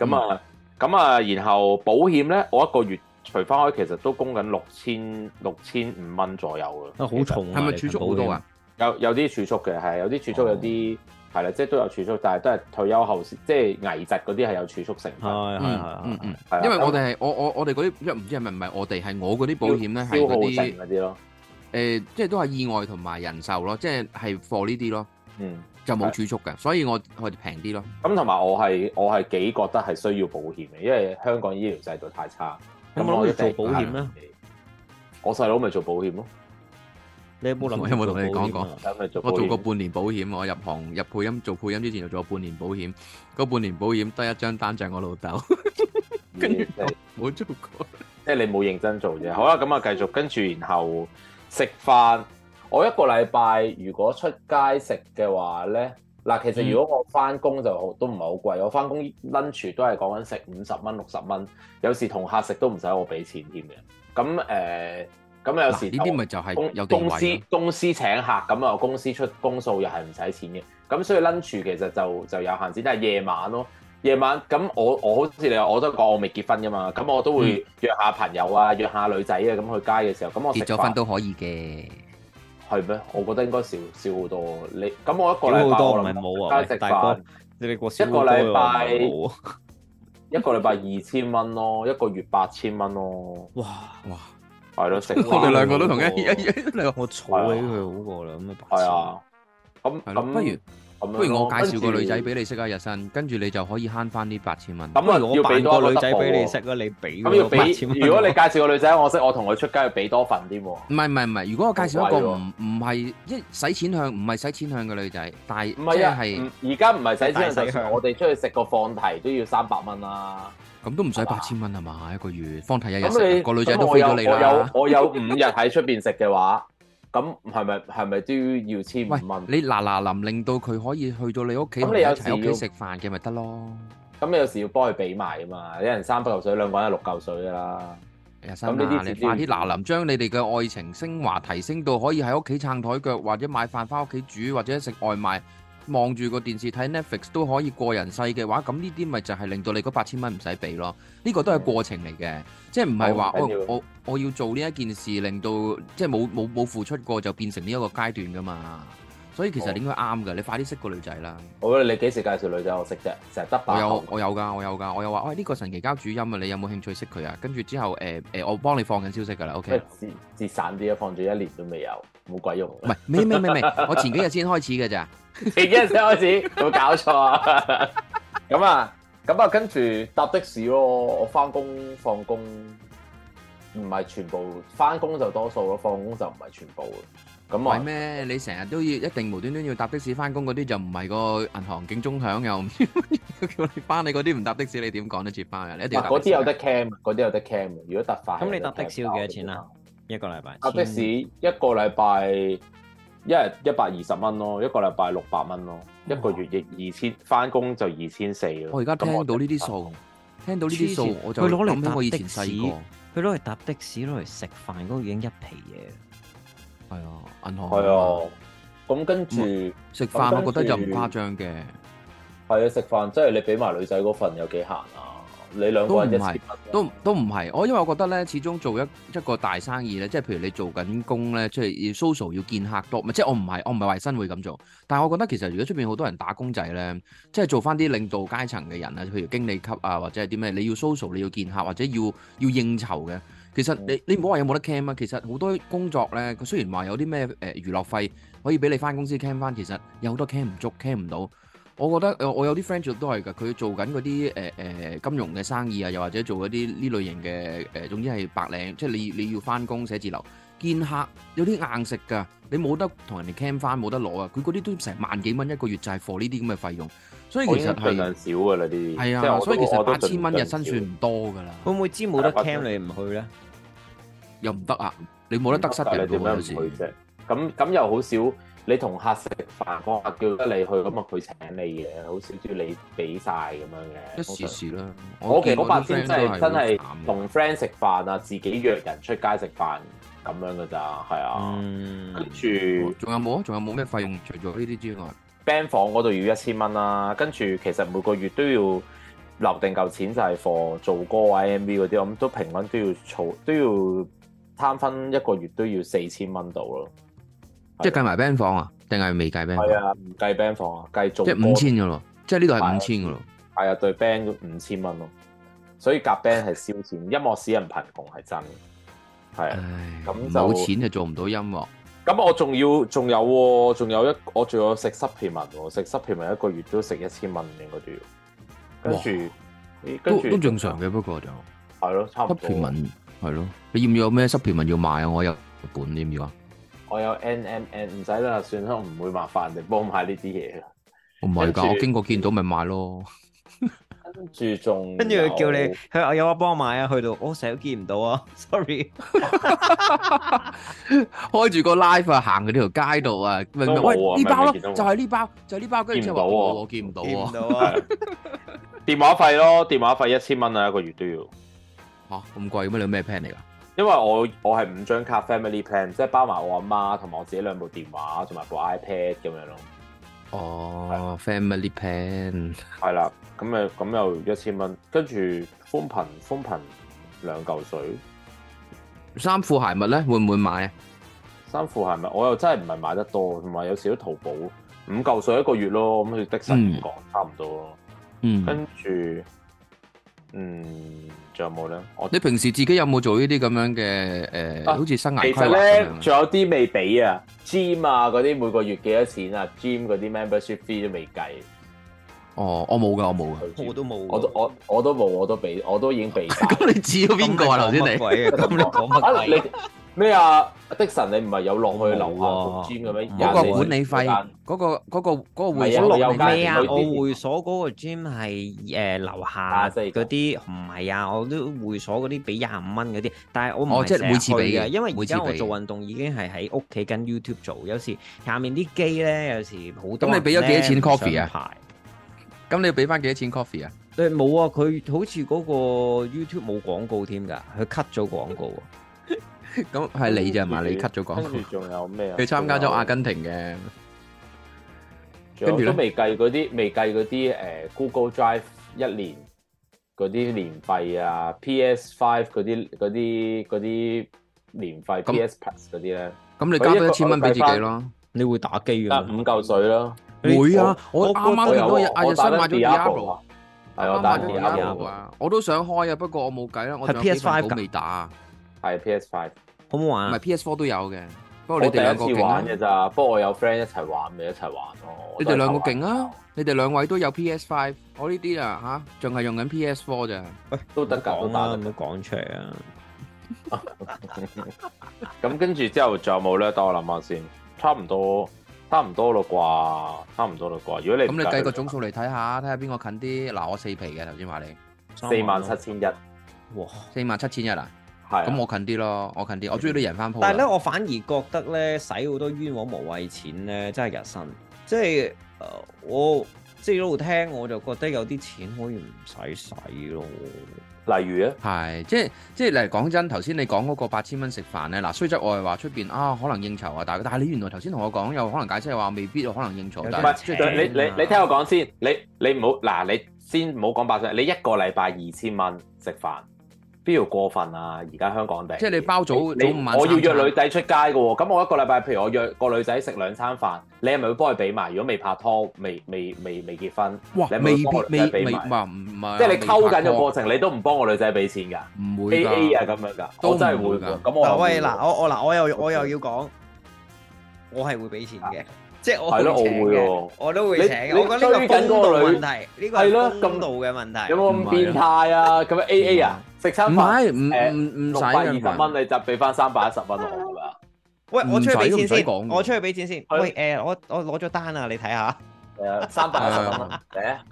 咁啊咁啊，然後保險咧，我一個月除翻開，其實都供緊六千六千五蚊左右咯。啊，好重啊！係咪儲蓄好多啊？是有有啲儲蓄嘅，係有啲儲蓄，有啲係啦，即係都有儲蓄，但係都係退休後即係危疾嗰啲係有儲蓄成分。係係係。嗯嗯。因為我哋係我我我哋嗰啲，唔知係咪唔係我哋係我嗰啲保險咧，係嗰啲。超好型嗰啲咯。誒，即係都係意外同埋人壽咯，即係係貨呢啲咯。嗯，就冇儲蓄嘅，所以我我哋平啲咯。咁同埋我係我係幾覺得係需要保險嘅，因為香港醫療制度太差，咁我諗做保險啦。我細佬咪做保險咯。你有冇諗？有冇同你講過？我做過半年保險，我入行入配音做配音之前就做半年保險。嗰半年保險得一張單，就我老豆。 跟住冇做過，即係、即係、 你冇認真做啫。 好啦，咁啊繼續。跟住然後食飯，我一個禮拜如果出街食嘅話咧，嗱，其實如果我翻工就好，嗯、都唔係好貴。我翻工 lunch 都係講緊食五十蚊、六十蚊，有時同客食都唔使我俾錢添嘅。咁誒。呃咁有時呢啲咪就係公，公司公司請客，咁啊公司出公數又係唔使錢嘅。咁所以 lunch 其實就就有限制，但係夜晚咯。夜晚咁我我，我好似你話，我都講我未結婚噶嘛，咁我都會約下朋友啊，嗯、約下女仔啊，咁去街嘅時候，咁我結咗婚都可以嘅。係咩？我覺得應該少少好多。你咁我一個禮拜冇啊，一個禮拜 一個禮拜二千蚊咯，一個月八千蚊咯。哇哇！哇係咯，我哋兩個都同一，我坐起佢好過啦。咁樣八千。係啊，咁係咁，不如不如我介紹個女仔俾你識啊，日新，跟住你就可以慳翻呢八千蚊。咁啊，要俾多女仔俾你識啊，你俾咁要俾。如果你介紹個女仔我識，我同佢出街要俾多份啲。唔係唔係唔係，如果我介紹一個唔唔係一使錢向，唔係使錢向嘅女仔，但係即係而家唔係使錢向。我哋出去食個放題都要三百蚊啦。咁都唔使八千蚊啊嘛，吧一個月。方太日日食，你個女仔你都飛咗你啦。我有我有五日喺出邊食嘅話，咁係咪係咪都要千五蚊？你嗱嗱臨令到佢可以去到你屋企、嗯，同你一齊喺屋企食飯嘅咪得咯？咁你有時要幫佢俾埋啊嘛，一人三嚿水，兩個人六嚿水啦。阿新、哎、啊，你快啲嗱臨將你哋嘅愛情昇華提升到可以喺屋企撐台腳，或者買飯翻屋企煮，或者食外賣。望住個電視睇 Netflix 都可以過人世嘅話，咁呢啲咪就係令到你嗰八千蚊唔使俾咯。呢、呢個都係過程嚟嘅，即係唔係話我我我要做呢一件事，令到即係冇冇冇付出過就變成呢一個階段噶嘛。所以其實應該啱嘅，oh. 你快啲識個女仔啦！我、oh, 你幾時介紹女仔我識啫？成日得我有我有噶，我有噶，我又話，喂，呢、哎這個神奇交主音啊，你有冇興趣識佢啊？跟住之後，誒、呃、誒、呃，我幫你放緊消息噶啦，OK？節節省啲啊，放咗一年都未有，冇鬼用！唔係，未，未，未，係，我前幾日先開始嘅咋？ 前幾日先開始，有冇搞錯 啊？咁啊，咁啊，跟住搭的士咯，我翻工放工，唔係全部翻工就多數咯，放工就唔係全部。咁啊！咩？你成日都要一定無端端要搭的士翻工嗰啲，就唔係個銀行警鐘響又叫你翻你嗰啲，唔搭的士你點講得接班啊？你一定要嗰啲有得 cam，嗰啲有得 cam。如果搭快，咁你搭的士要幾多錢啊？一個禮拜搭的士一個禮拜一日一百二十蚊咯，一個禮拜六百蚊咯，一個月亦二千。翻工就二千四咯。我而家聽到呢啲數，聽到呢啲數，我就諗起我以前細個，佢攞嚟搭的士，攞嚟食飯，嗰度已經一皮嘢。係啊，銀行係啊，咁跟住食飯我覺得就唔誇張嘅。係啊、嗯，食飯即係你俾埋女仔嗰份有幾閒啊？你兩個人都唔係，都都唔係。我因為我覺得咧，始終做一一個大生意咧，即係譬如你做緊工咧，即係要 social 要見客多，咪即係我唔係，我唔係話新會咁做。但係我覺得其實如果出邊好多人打工仔咧，即係做翻啲領導階層嘅人啊，譬如經理級啊，或者係點咩，你要 social 你要見客或者要要應酬嘅。其實你你唔好話有冇得 claim 啊，其實好多工作呢，佢雖然話有啲咩誒娛樂費可以俾你翻公司 claim 翻其實有好多 claim 唔足 claim 唔到。我覺得我有啲 friend 做都係㗎，佢做緊嗰啲金融嘅生意啊，又或者做嗰啲呢類型嘅誒、呃，總之係白領，即係你，你要翻工寫字樓。見客有啲硬食噶，你冇得同人哋 cam 翻，冇得攞啊！佢嗰啲都成萬幾蚊一個月就係貨呢啲咁嘅費用，所以其實係量少啊啲。係啊，所以其實八千蚊日薪算唔多噶啦。會唔會知冇得 cam 你唔去咧？又唔得啊！你冇得得失嘅，做咩唔去啫？咁咁又好少。你同客食飯，我話叫得你去，咁啊佢請你嘅，好少叫你俾晒咁樣嘅。一時時啦。我其實八千真係真係同 friend 食飯啊，自己約人出街食飯。咁樣噶咋，係啊，跟住仲有冇啊？仲有冇咩費用？除咗呢啲之外，band 房嗰度要一千蚊啦。跟住其實每個月都要留定夠錢，就係 for 做歌啊、MV 嗰啲，咁都平均都要儲，都要攤分一個月都要四千蚊到咯。即係、啊、計埋 band 房啊？定係未計 band 房？係啊，唔、啊、計 band 房啊，計做即係五千噶咯。即係呢度係五千噶咯。係啊，對，對 band 五千蚊咯。所以夾 band 係燒錢，音樂使人貧窮係真。係，咁冇唉就錢就做唔到音樂。咁我仲要，仲有、哦，仲有一，我仲有食濕皮文，食濕皮文一個月都食一千蚊應該都要。跟住，哇欸、跟都都正常嘅，嗯、不過就係咯，濕皮文，係咯。你要唔要？有咩濕皮文要買啊？我有本，你要唔要啊？我有 N M N，唔使啦，算啦，唔會麻煩你幫我買呢啲嘢噶。唔係噶，我經過見到咪買咯。 注重，跟住佢叫你，佢我有啊，幫我買啊，去到我成日都見唔到啊，sorry，開住個 live 啊，行嗰條街度啊，喂呢包咯，就係呢包，就係呢包，跟住話我見唔到，見唔到啊，電話費咯，電話費一千蚊啊，一個月都要，吓咁貴咩？你有咩 plan 嚟噶？因為我我係五張卡 family plan，即係包埋我阿媽同埋我自己兩部電話，同埋部 iPad 咁樣咯。哦、oh，family plan 係啦，咁誒，咁又一千蚊，跟住封瓶封瓶，封瓶兩嚿水，衫褲鞋襪咧會唔會買啊？衫褲鞋襪我又真係唔係買得多，同埋有時都淘寶五嚿水一個月咯，咁的士講差唔多咯、嗯，嗯，跟住嗯。有冇咧？你平時自己有冇做呢啲咁樣嘅，誒、好、呃、似、啊、生涯規劃？其實咧，仲有啲未俾啊，gym 啊嗰啲，每個月幾多錢啊？gym 嗰啲 membership fee 都未計。哦，我冇噶，我冇噶，我都冇，我都我我都冇，我都俾，我都已經俾晒。咁 你指要邊個頭先？你咁你講乜鬼咩啊？迪神，你唔係有落去樓下做 gym 噶咩？嗰個管理費，嗰個嗰個嗰個會所落嚟咩啊？我會所嗰個 gym 係誒樓下嗰啲唔係啊！我都會所嗰啲俾廿五蚊嗰啲，但係我唔係即係每次俾嘅，因為而家我做運動已經係喺屋企跟 YouTube 做，有時下面啲機咧，有時好多。咁你俾咗幾多錢 coffee 啊？咁你要俾翻幾多錢 coffee 啊？誒，冇啊！佢好似嗰個 YouTube 冇廣告添噶，佢 cut 咗廣告。咁係你啫嘛？你 cut 咗講，跟住仲有咩啊？佢參加咗阿根廷嘅，跟住咧未計嗰啲，未計嗰啲誒，Google Drive 一年嗰啲年費啊，PS Five 嗰啲嗰啲嗰啲年費，PS Plus 嗰啲咧。咁你加多一千蚊俾自己咯。你會打機噶？五嚿水咯。會啊！我啱啱都多日，我買咗 R 啊！啱啱買咗 R 啊！我都想開啊，不過我冇計啦。我 PS Five 未打。係 PS Five，好唔好玩？唔係 PS Four 都有嘅，不過你哋兩個嘅咋、啊。不過我有 friend 一齊玩咪一齊玩咯。玩你哋兩個勁啊！你哋兩位都有 PS Five，我呢啲啊吓，仲係用緊 PS Four 咋？喂，都得講啦，咁樣講出嚟啊！咁跟住之後仲有冇咧？等我諗下先，差唔多，差唔多嘞啩，差唔多嘞啩。如果你咁，你計個總數嚟睇下，睇下邊個近啲。嗱、啊，我四皮嘅頭先話你四萬，哇四萬七千一，哇，四萬七千一啊！咁我近啲咯，我近啲，嗯、我中意啲人翻鋪。但係咧，我反而覺得咧，使好多冤枉無謂錢咧，真係日新。即係，誒，我即係一路聽，我就覺得有啲錢可以唔使使咯。例如咧，係，即係，即係嚟講真，頭先你講嗰個八千蚊食飯咧，嗱，雖則我係話出邊啊，可能應酬啊，但係，但係你原來頭先同我講有可能解釋話未必，可能應酬，但係，絕對，你你你聽我講先，你你唔好嗱，你先唔好講八千，你一個禮拜二千蚊食飯。邊度過分啊？而家香港地，即係你包早早午晚。我要約女仔出街嘅喎，咁我一個禮拜，譬如我約個女仔食兩餐飯，你係咪會幫佢俾埋？如果未拍拖、未未未未結婚，你未必未必唔係，即係你溝緊嘅過程，你都唔幫個女仔俾錢㗎？唔會 A A 啊咁樣㗎，都真係會㗎。咁我喂，嗱我我嗱我又我又要講，我係會俾錢嘅。即係我係咯，我會嘅，我都會請。你追緊個女係咯，咁度嘅問題有冇咁變態啊？咁樣 A A 啊？食餐飯唔係唔唔唔，六百二十蚊你就俾翻三百一十蚊我啦。喂，我出去俾錢先，我出去俾錢先。喂，誒，我我攞咗單啊，你睇下，三百一十蚊嚟啊！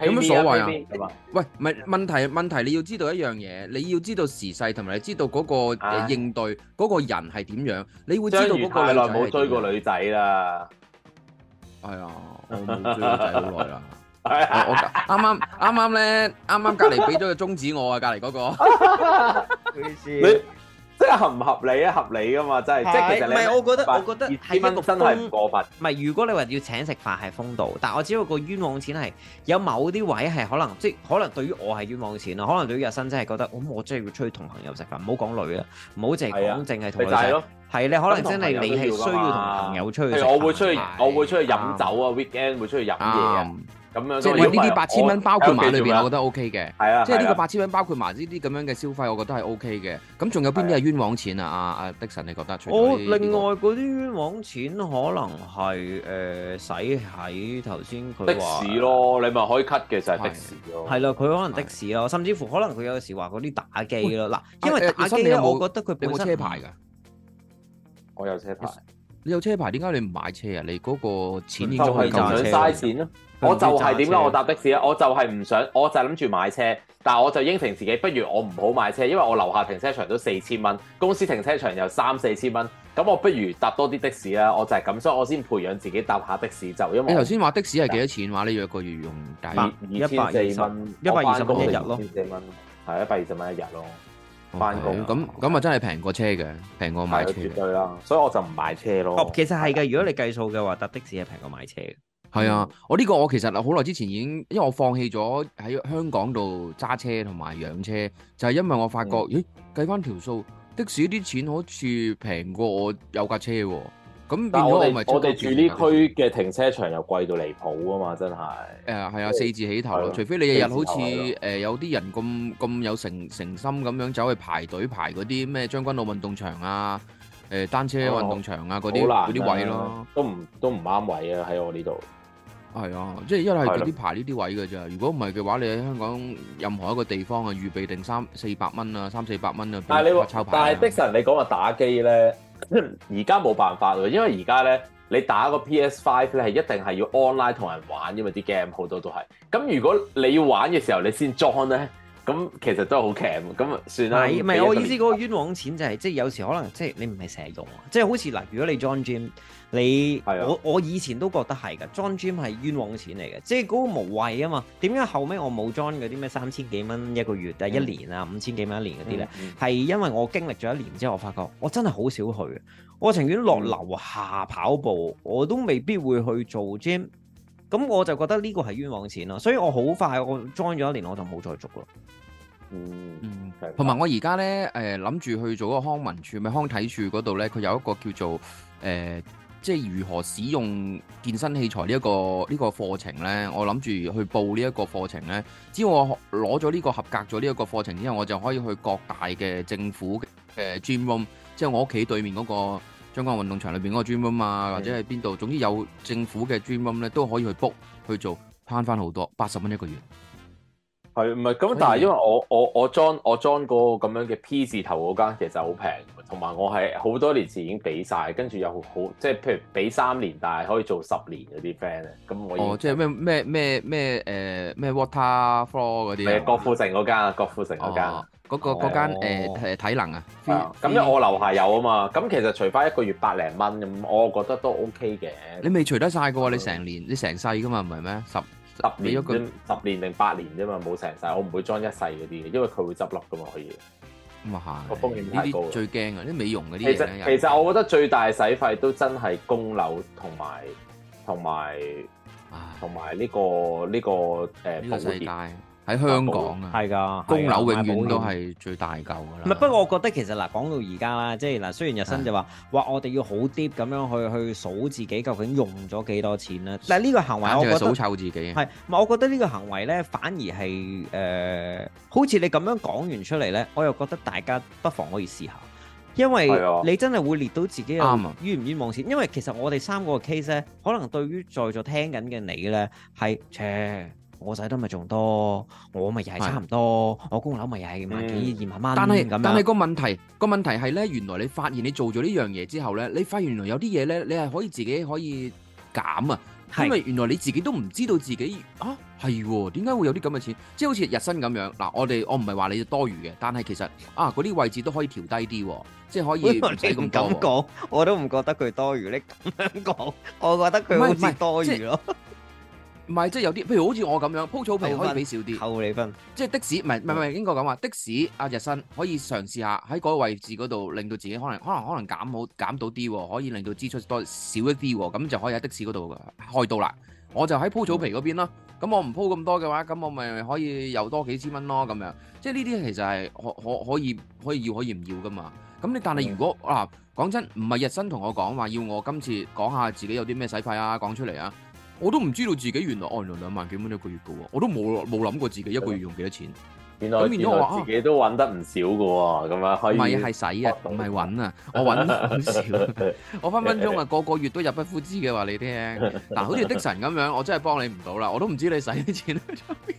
有乜所謂啊？喂，咪問題問題，你要知道一樣嘢，你要知道時勢，同埋你知道嗰個應對嗰個人係點樣，你會知道嗰個。你耐冇追過女仔啦。係啊、哎，我冇追女仔好耐啦。我啱啱啱啱呢，啱啱隔籬俾咗個中指我啊，隔籬嗰個。 合唔合理啊？合理噶嘛，真係的，即係其實你唔係，我覺得我覺得千蚊真係唔過分。唔係，如果你話要請食飯係風度，但我知個冤枉錢係有某啲位係可能，即係可能對於我係冤枉錢咯。可能對於日新真係覺得，咁、嗯、我真係要出去同朋友食飯，唔好講女啊，唔好淨係講淨係同女仔。咯的，係你可能真係你係需要同朋友出去，譬如我會出去，對我會出去飲對酒啊對，weekend 會出去飲嘢啊。咁樣即係呢啲八千蚊包括埋裏邊，我覺得 O K 嘅。係啊，即係呢個八千蚊包括埋呢啲咁樣嘅消費，我覺得係 O K 嘅。咁仲有邊啲係冤枉錢啊？啊，的神你覺得？哦，另外嗰啲冤枉錢可能係誒使喺頭先佢的士咯，你咪可以 cut，嘅就係的士咯。係啦，佢可能的士咯，甚至乎可能佢有時話嗰啲打機咯。嗱，因為打機你有冇，我覺得佢俾個車牌㗎。我有車牌，你有車牌點解你唔買車啊？你嗰個錢點解可以夠車？想嘥錢咯～我就係點解？我搭的士啊！我就係唔想，我就諗住買車，但係我就應承自己，不如我唔好買車，因為我樓下停車場都四千蚊，公司停車場又三四千蚊，咁我不如搭多啲的士啦！我就係咁，所以我先培養自己搭下的士。就因為你頭先話的士係幾多錢話？你要一個月用百一百四蚊，一百二十蚊一日咯，係一百二十蚊一日咯，翻工咁咁啊，真係平過車嘅，平過買車對絕對啦，所以我就唔買車咯。其實係嘅，如果你計數嘅話，搭的士係平過買車。係啊，我呢個我其實好耐之前已經，因為我放棄咗喺香港度揸車同埋養車，就係、是、因為我發覺，嗯、咦，計翻條數士的士啲錢好似平過我有架車喎。咁變咗我哋我哋住呢區嘅停車場又貴到離譜啊嘛，真係。誒係啊，啊以四字起頭咯，啊、除非你日日好似誒、呃、有啲人咁咁有誠誠心咁樣走去排隊排嗰啲咩將軍澳運動場啊、誒、呃、單車運動場啊嗰啲啲位咯，都唔都唔啱位啊喺我呢度。係啊，即係一係啲排呢啲位嘅啫。的如果唔係嘅話，你喺香港任何一個地方啊，預備定三四百蚊啊，三四百蚊啊，俾人抄牌。但係的神，你講話打機咧，而家冇辦法咯。因為而家咧，你打個 PS Five 咧，係一定係要 online 同人玩嘅嘛。啲 game 好多都係。咁如果你要玩嘅時候，你先 join 咧，咁其實都係好強。咁啊，算啦是。唔係，我意思嗰個冤枉錢就係、是，即係有時可能即係你唔係成日用啊。即係好似嗱，如果你 join gym。你的我我以前都覺得係㗎，join gym 係冤枉嘅錢嚟嘅，即係嗰個無謂啊嘛。點解後尾我冇 join 嗰啲咩三千幾蚊一個月啊、嗯、一年啊五千幾蚊一年嗰啲呢？係、嗯嗯、因為我經歷咗一年之後，我發覺我真係好少去，我情願落樓下跑步，我都未必會去做 gym。咁我就覺得呢個係冤枉嘅錢咯，所以我好快我 join 咗一年，我就冇再做咯。同埋我而家呢，誒諗住去做個康文處咪康體處嗰度呢，佢有一個叫做誒。呃即係如何使用健身器材呢、這、一個呢、這個課程咧，我諗住去報呢一個課程咧。只要我攞咗呢個合格咗呢一個課程之後，我就可以去各大嘅政府嘅誒 gym room，即係我屋企對面嗰，那個將軍運動場裏邊嗰個 gym room 啊，的或者喺邊度，總之有政府嘅 gym room 咧，都可以去 book 去做，慳翻好多，八十蚊一個月。係唔係咁？以但係因為我我我 join 我 join 個咁樣嘅 P 字頭嗰間，其實好平。同埋我係好多年前已經俾晒，跟住又好即係譬如俾三年，但係可以做十年嗰啲 friend 咧。咁我、哦、即係咩咩咩咩誒咩 water floor 嗰啲？郭麼富城嗰間啊，郭富城嗰間。呃、哦，嗰個間體能啊。咁因為我樓下有啊嘛，咁其實除翻一個月百零蚊，我覺得都 OK 嘅對。你未除得晒㗎喎，你成年你成世㗎嘛，唔係咩？十十年一個十年定八年啫嘛，冇成世。我唔會裝一世嗰啲嘅，因為佢會執笠㗎嘛，可以。哇！嚇、哎，個風險太高，最驚啊！啲美容嗰啲，其實其實我覺得最大使費都真係供樓，同埋同埋啊同埋呢個呢、呢個誒。呃保險喺香港啊，係噶，供樓永遠都係最大嚿噶啦。唔係，不過我覺得其實嗱，講到而家啦，即係嗱，雖然日新就話，哇，我哋要好 deep 咁樣去去數自己究竟用咗幾多錢啦。但係，呢個行為我覺得數臭自己係。唔係，我覺得呢個行為咧，反而係誒，好似你咁樣講完出嚟咧，我又覺得大家不妨可以試下，因為你真係會列到自己嘅冤唔冤枉錢。因為其實我哋三個 case 咧，可能對於在座聽緊嘅你咧，係切。我使得咪仲多，我咪又係差唔多，是我供樓咪又係萬幾二萬蚊咁是樣。但係個問題，個問題係咧，原來你發現你做咗呢樣嘢之後咧，你發現原來有啲嘢咧，你係可以自己可以減啊，因為是原來你自己都唔知道自己啊，係點解會有啲咁嘅錢？即係好似日薪咁樣。嗱，我哋我唔係話你多餘嘅，但係其實啊，嗰啲位置都可以調低啲，即係可以唔咁講，我都唔覺得佢多餘。你咁講，我覺得佢好似多餘咯。 唔係，即係有啲，譬如好似我咁樣鋪草皮可以俾少啲扣離分，即係的士，唔係唔係唔係應該咁話。的士阿日新可以嘗試下喺嗰個位置嗰度，令到自己可能可能可能減好減到啲，可以令到支出多少一啲，咁就可以喺的士嗰度開到啦。我就喺鋪草皮嗰邊啦，咁、嗯、我唔鋪咁多嘅話，咁我咪可以有多幾千蚊咯。咁樣即係呢啲其實係可可可以可以要可以唔要噶嘛。咁你但係如果嗱講、嗯啊、真，唔係日新同我講話要我今次講下自己有啲咩使費啊，講出嚟啊！我都唔知道自己原來哦用兩萬幾蚊一個月嘅喎，我都冇冇諗過自己一個月用幾多錢，原來我、啊、自己都揾得唔少嘅喎，咁樣咪係使啊？唔係揾啊！我揾少， 我分分鐘啊個個月都入不敷支嘅話你聽，嗱好似的神咁樣，我真係幫你唔到啦，我都唔知你使啲錢去邊，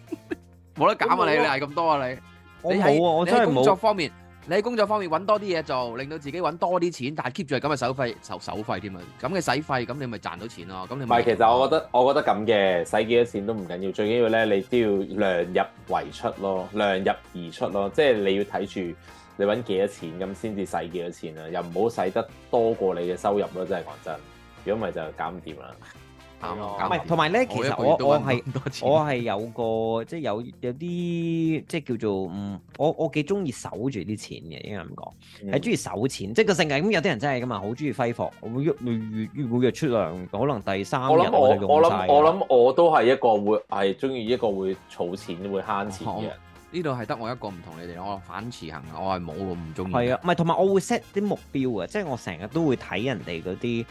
冇 得減啊你，啊你係咁多啊你，我冇啊，我真係冇。你喺工作方面揾多啲嘢做，令到自己揾多啲錢，但係 keep 住係咁嘅手費，就手，手費添啊，咁嘅使費，咁你咪賺到錢咯。咁你唔係，其實我覺得我覺得咁嘅，使幾多錢都唔緊要，最緊要咧你都要量入為出咯，量入而出咯，即係你要睇住你揾幾多錢咁先至使幾多錢啊，又唔好使得多過你嘅收入咯，真係講真，如果唔係就搞唔掂啦。唔係，同埋咧，其實我我係我係有個即係有有啲即係叫做嗯，我我幾中意守住啲錢嘅，應該咁講，係中意守錢，即係個性格咁。有啲人真係噶嘛，好中意揮霍，會喐越越會越出糧，可能第三日我就用曬。我諗我諗我諗我，我都係一個會係中意一個會儲錢會慳錢嘅。呢度係得我一個唔同你哋咯，我反馳行、呃呃、啊，我係冇咁唔中意。係啊，唔係，同埋我會 set 啲目標啊，即係我成日都會睇人哋嗰啲誒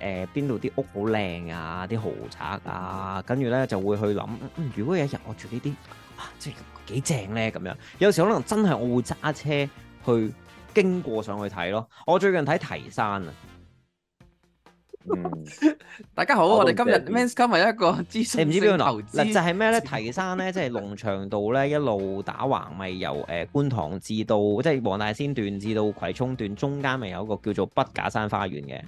誒邊度啲屋好靚啊，啲豪宅啊，跟住咧就會去諗、嗯，如果有一日我住呢啲啊，即係幾正咧咁樣。有時可能真係我會揸車去經過上去睇咯。我最近睇提山啊。嗯、 大家好，我哋今日 men's come 咪一個資訊性投資，嗱就係咩咧？提山咧，即係龍翔道咧，一路打橫咪由誒、呃、觀塘至到即係黃大仙段至到葵涌段，中間咪有一個叫做北架山花園嘅。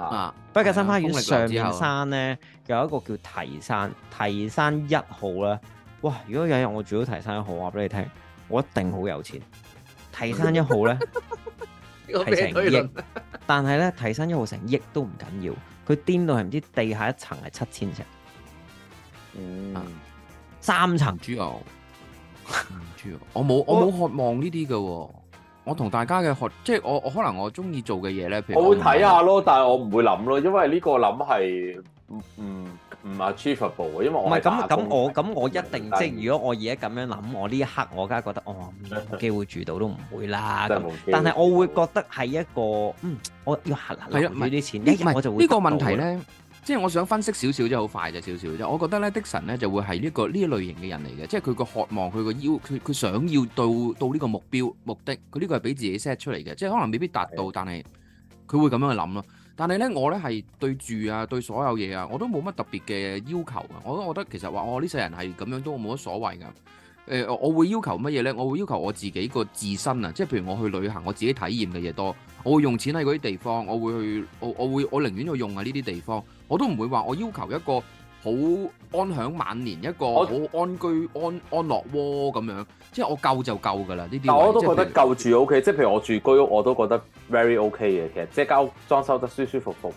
啊，北架山花園上、啊啊、上面山咧有一個叫提山，提山一號咧，哇！如果有一日我住到提山一號，話俾你聽，我一定好有錢。提山一號咧。 提成億，但係咧提升一號成億都唔緊要，佢癲到係唔知地下一層係七千尺，哦、嗯，啊、三層豬油，豬 我冇我冇渴望呢啲嘅，我同大家嘅學，即係我我可能我中意做嘅嘢咧，譬如我會睇下咯，想但係我唔會諗咯，因為呢個諗係。唔唔唔係 achievable 因為我唔係咁咁我咁我一定、嗯、即係如果我而家咁樣諗，我呢一刻我梗係覺得哦，冇機會住到都唔會啦。咁但係我會覺得係一個嗯，我要行嗱，要啲錢咧，我就會呢、呢個問題咧，即係我想分析少少，即係好快就少少。即我覺得咧，的神咧就會係呢、呢個呢一類型嘅人嚟嘅，即係佢個渴望，佢個要佢佢想要到到呢個目標目的，佢呢個係俾自己 set 出嚟嘅，即係可能未必達到，的但係佢會咁樣去諗咯。但係咧，我咧係對住啊，對所有嘢啊，我都冇乜特別嘅要求嘅、啊。我都覺得其實話我呢世人係咁樣都冇乜所謂嘅。誒、呃，我會要求乜嘢咧？我會要求我自己個自身啊，即係譬如我去旅行，我自己體驗嘅嘢多，我會用錢喺嗰啲地方，我會去，我我會我寧願去用喺呢啲地方，我都唔會話我要求一個，好安享晚年，一個我好安居安安樂窩咁樣，即係我夠就夠噶啦呢啲。但係我都覺得夠住 OK，即係是譬如,如我住居屋，我都覺得 very OK 嘅。其實即係間屋裝修得舒舒服服。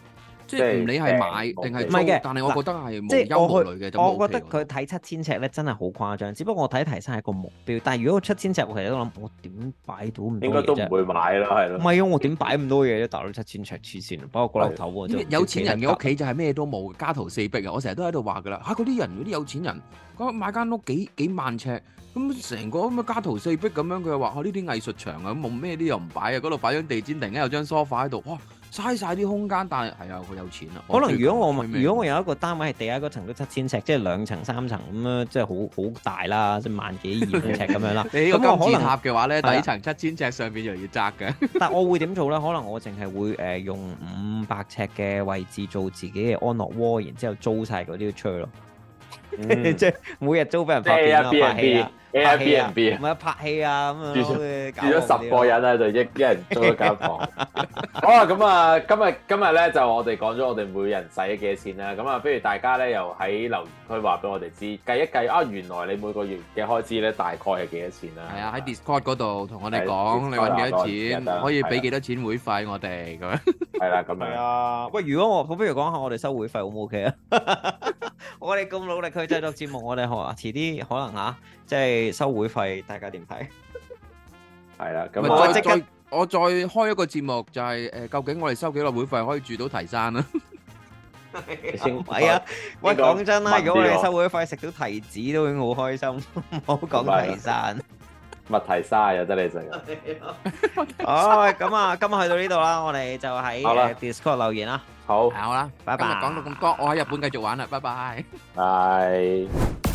即係唔理係買定係租，唔係嘅。但係我覺得係即係休閒嘅，我覺得佢睇七千尺咧真係好誇張。只不過我睇提升係一個目標，但係如果七千尺，我其實都諗我點擺到咁多嘢。應該都唔會買啦，係咯。唔係啊，我點擺咁多嘢大佬，七千尺黐線？包過個頭喎，有錢人嘅屋企就係咩都冇，家徒四壁啊！我成日都喺度話噶啦嚇，嗰啲人嗰啲有錢人，佢買間屋幾幾萬尺，咁成個咁嘅家徒四壁咁樣，佢又話呢啲藝術牆啊，冇咩啲又唔擺啊，嗰度擺張地氈，突然間有張梳化喺度哇～、啊嘥晒啲空間，但係係啊，好、哎、有錢啊。可能如果我，我如果我有一個單位係地下嗰層都七千尺，即係兩層三層咁啊，即係好好大啦，即係萬幾二百尺咁樣啦。 你呢個金字塔呢可能塔嘅話咧，的底層七千尺上面又，上邊就要窄嘅。但係我會點做咧？可能我淨係會誒、呃、用五百尺嘅位置做自己嘅安樂窩，然之後租晒嗰啲出去咯。即、嗯、係 每日租俾人拍戲啊！A I B and B 啊，唔係拍戲啊，咁樣搞咗十個人啊，就 一人租咗間房。 好啦，咁啊，今日今日咧就我哋講咗我哋每人使咗幾多錢啦。咁啊，不如大家咧又喺留言區話俾我哋知，計一計啊，原來你每個月嘅開支咧大概係幾多錢啊？係啊，喺 Discord 嗰度同我哋講，啊，你搵幾多錢，可以俾幾多錢會費我哋咁樣。係啦，咁樣。啊， 啊樣就是、喂，如果我，我不如講下我哋收會費好唔好？O K 啊？ 我哋咁努力去製作節目， 我哋學，遲啲可能吓、啊。即係收會費，大家點睇？係啦，咁我即刻我再開一個節目，就係誒，究竟我哋收幾多會費可以住到提山啊？係啊，喂，講真啦，如果我哋收會費食到提子都已經好開心，唔好講提山。乜提山又得你食。好，咁啊，今日去到呢度啦，我哋就喺 Discord 留言啦。好，好啦，拜拜。今日講到咁多，我喺日本繼續玩啊！拜拜。拜。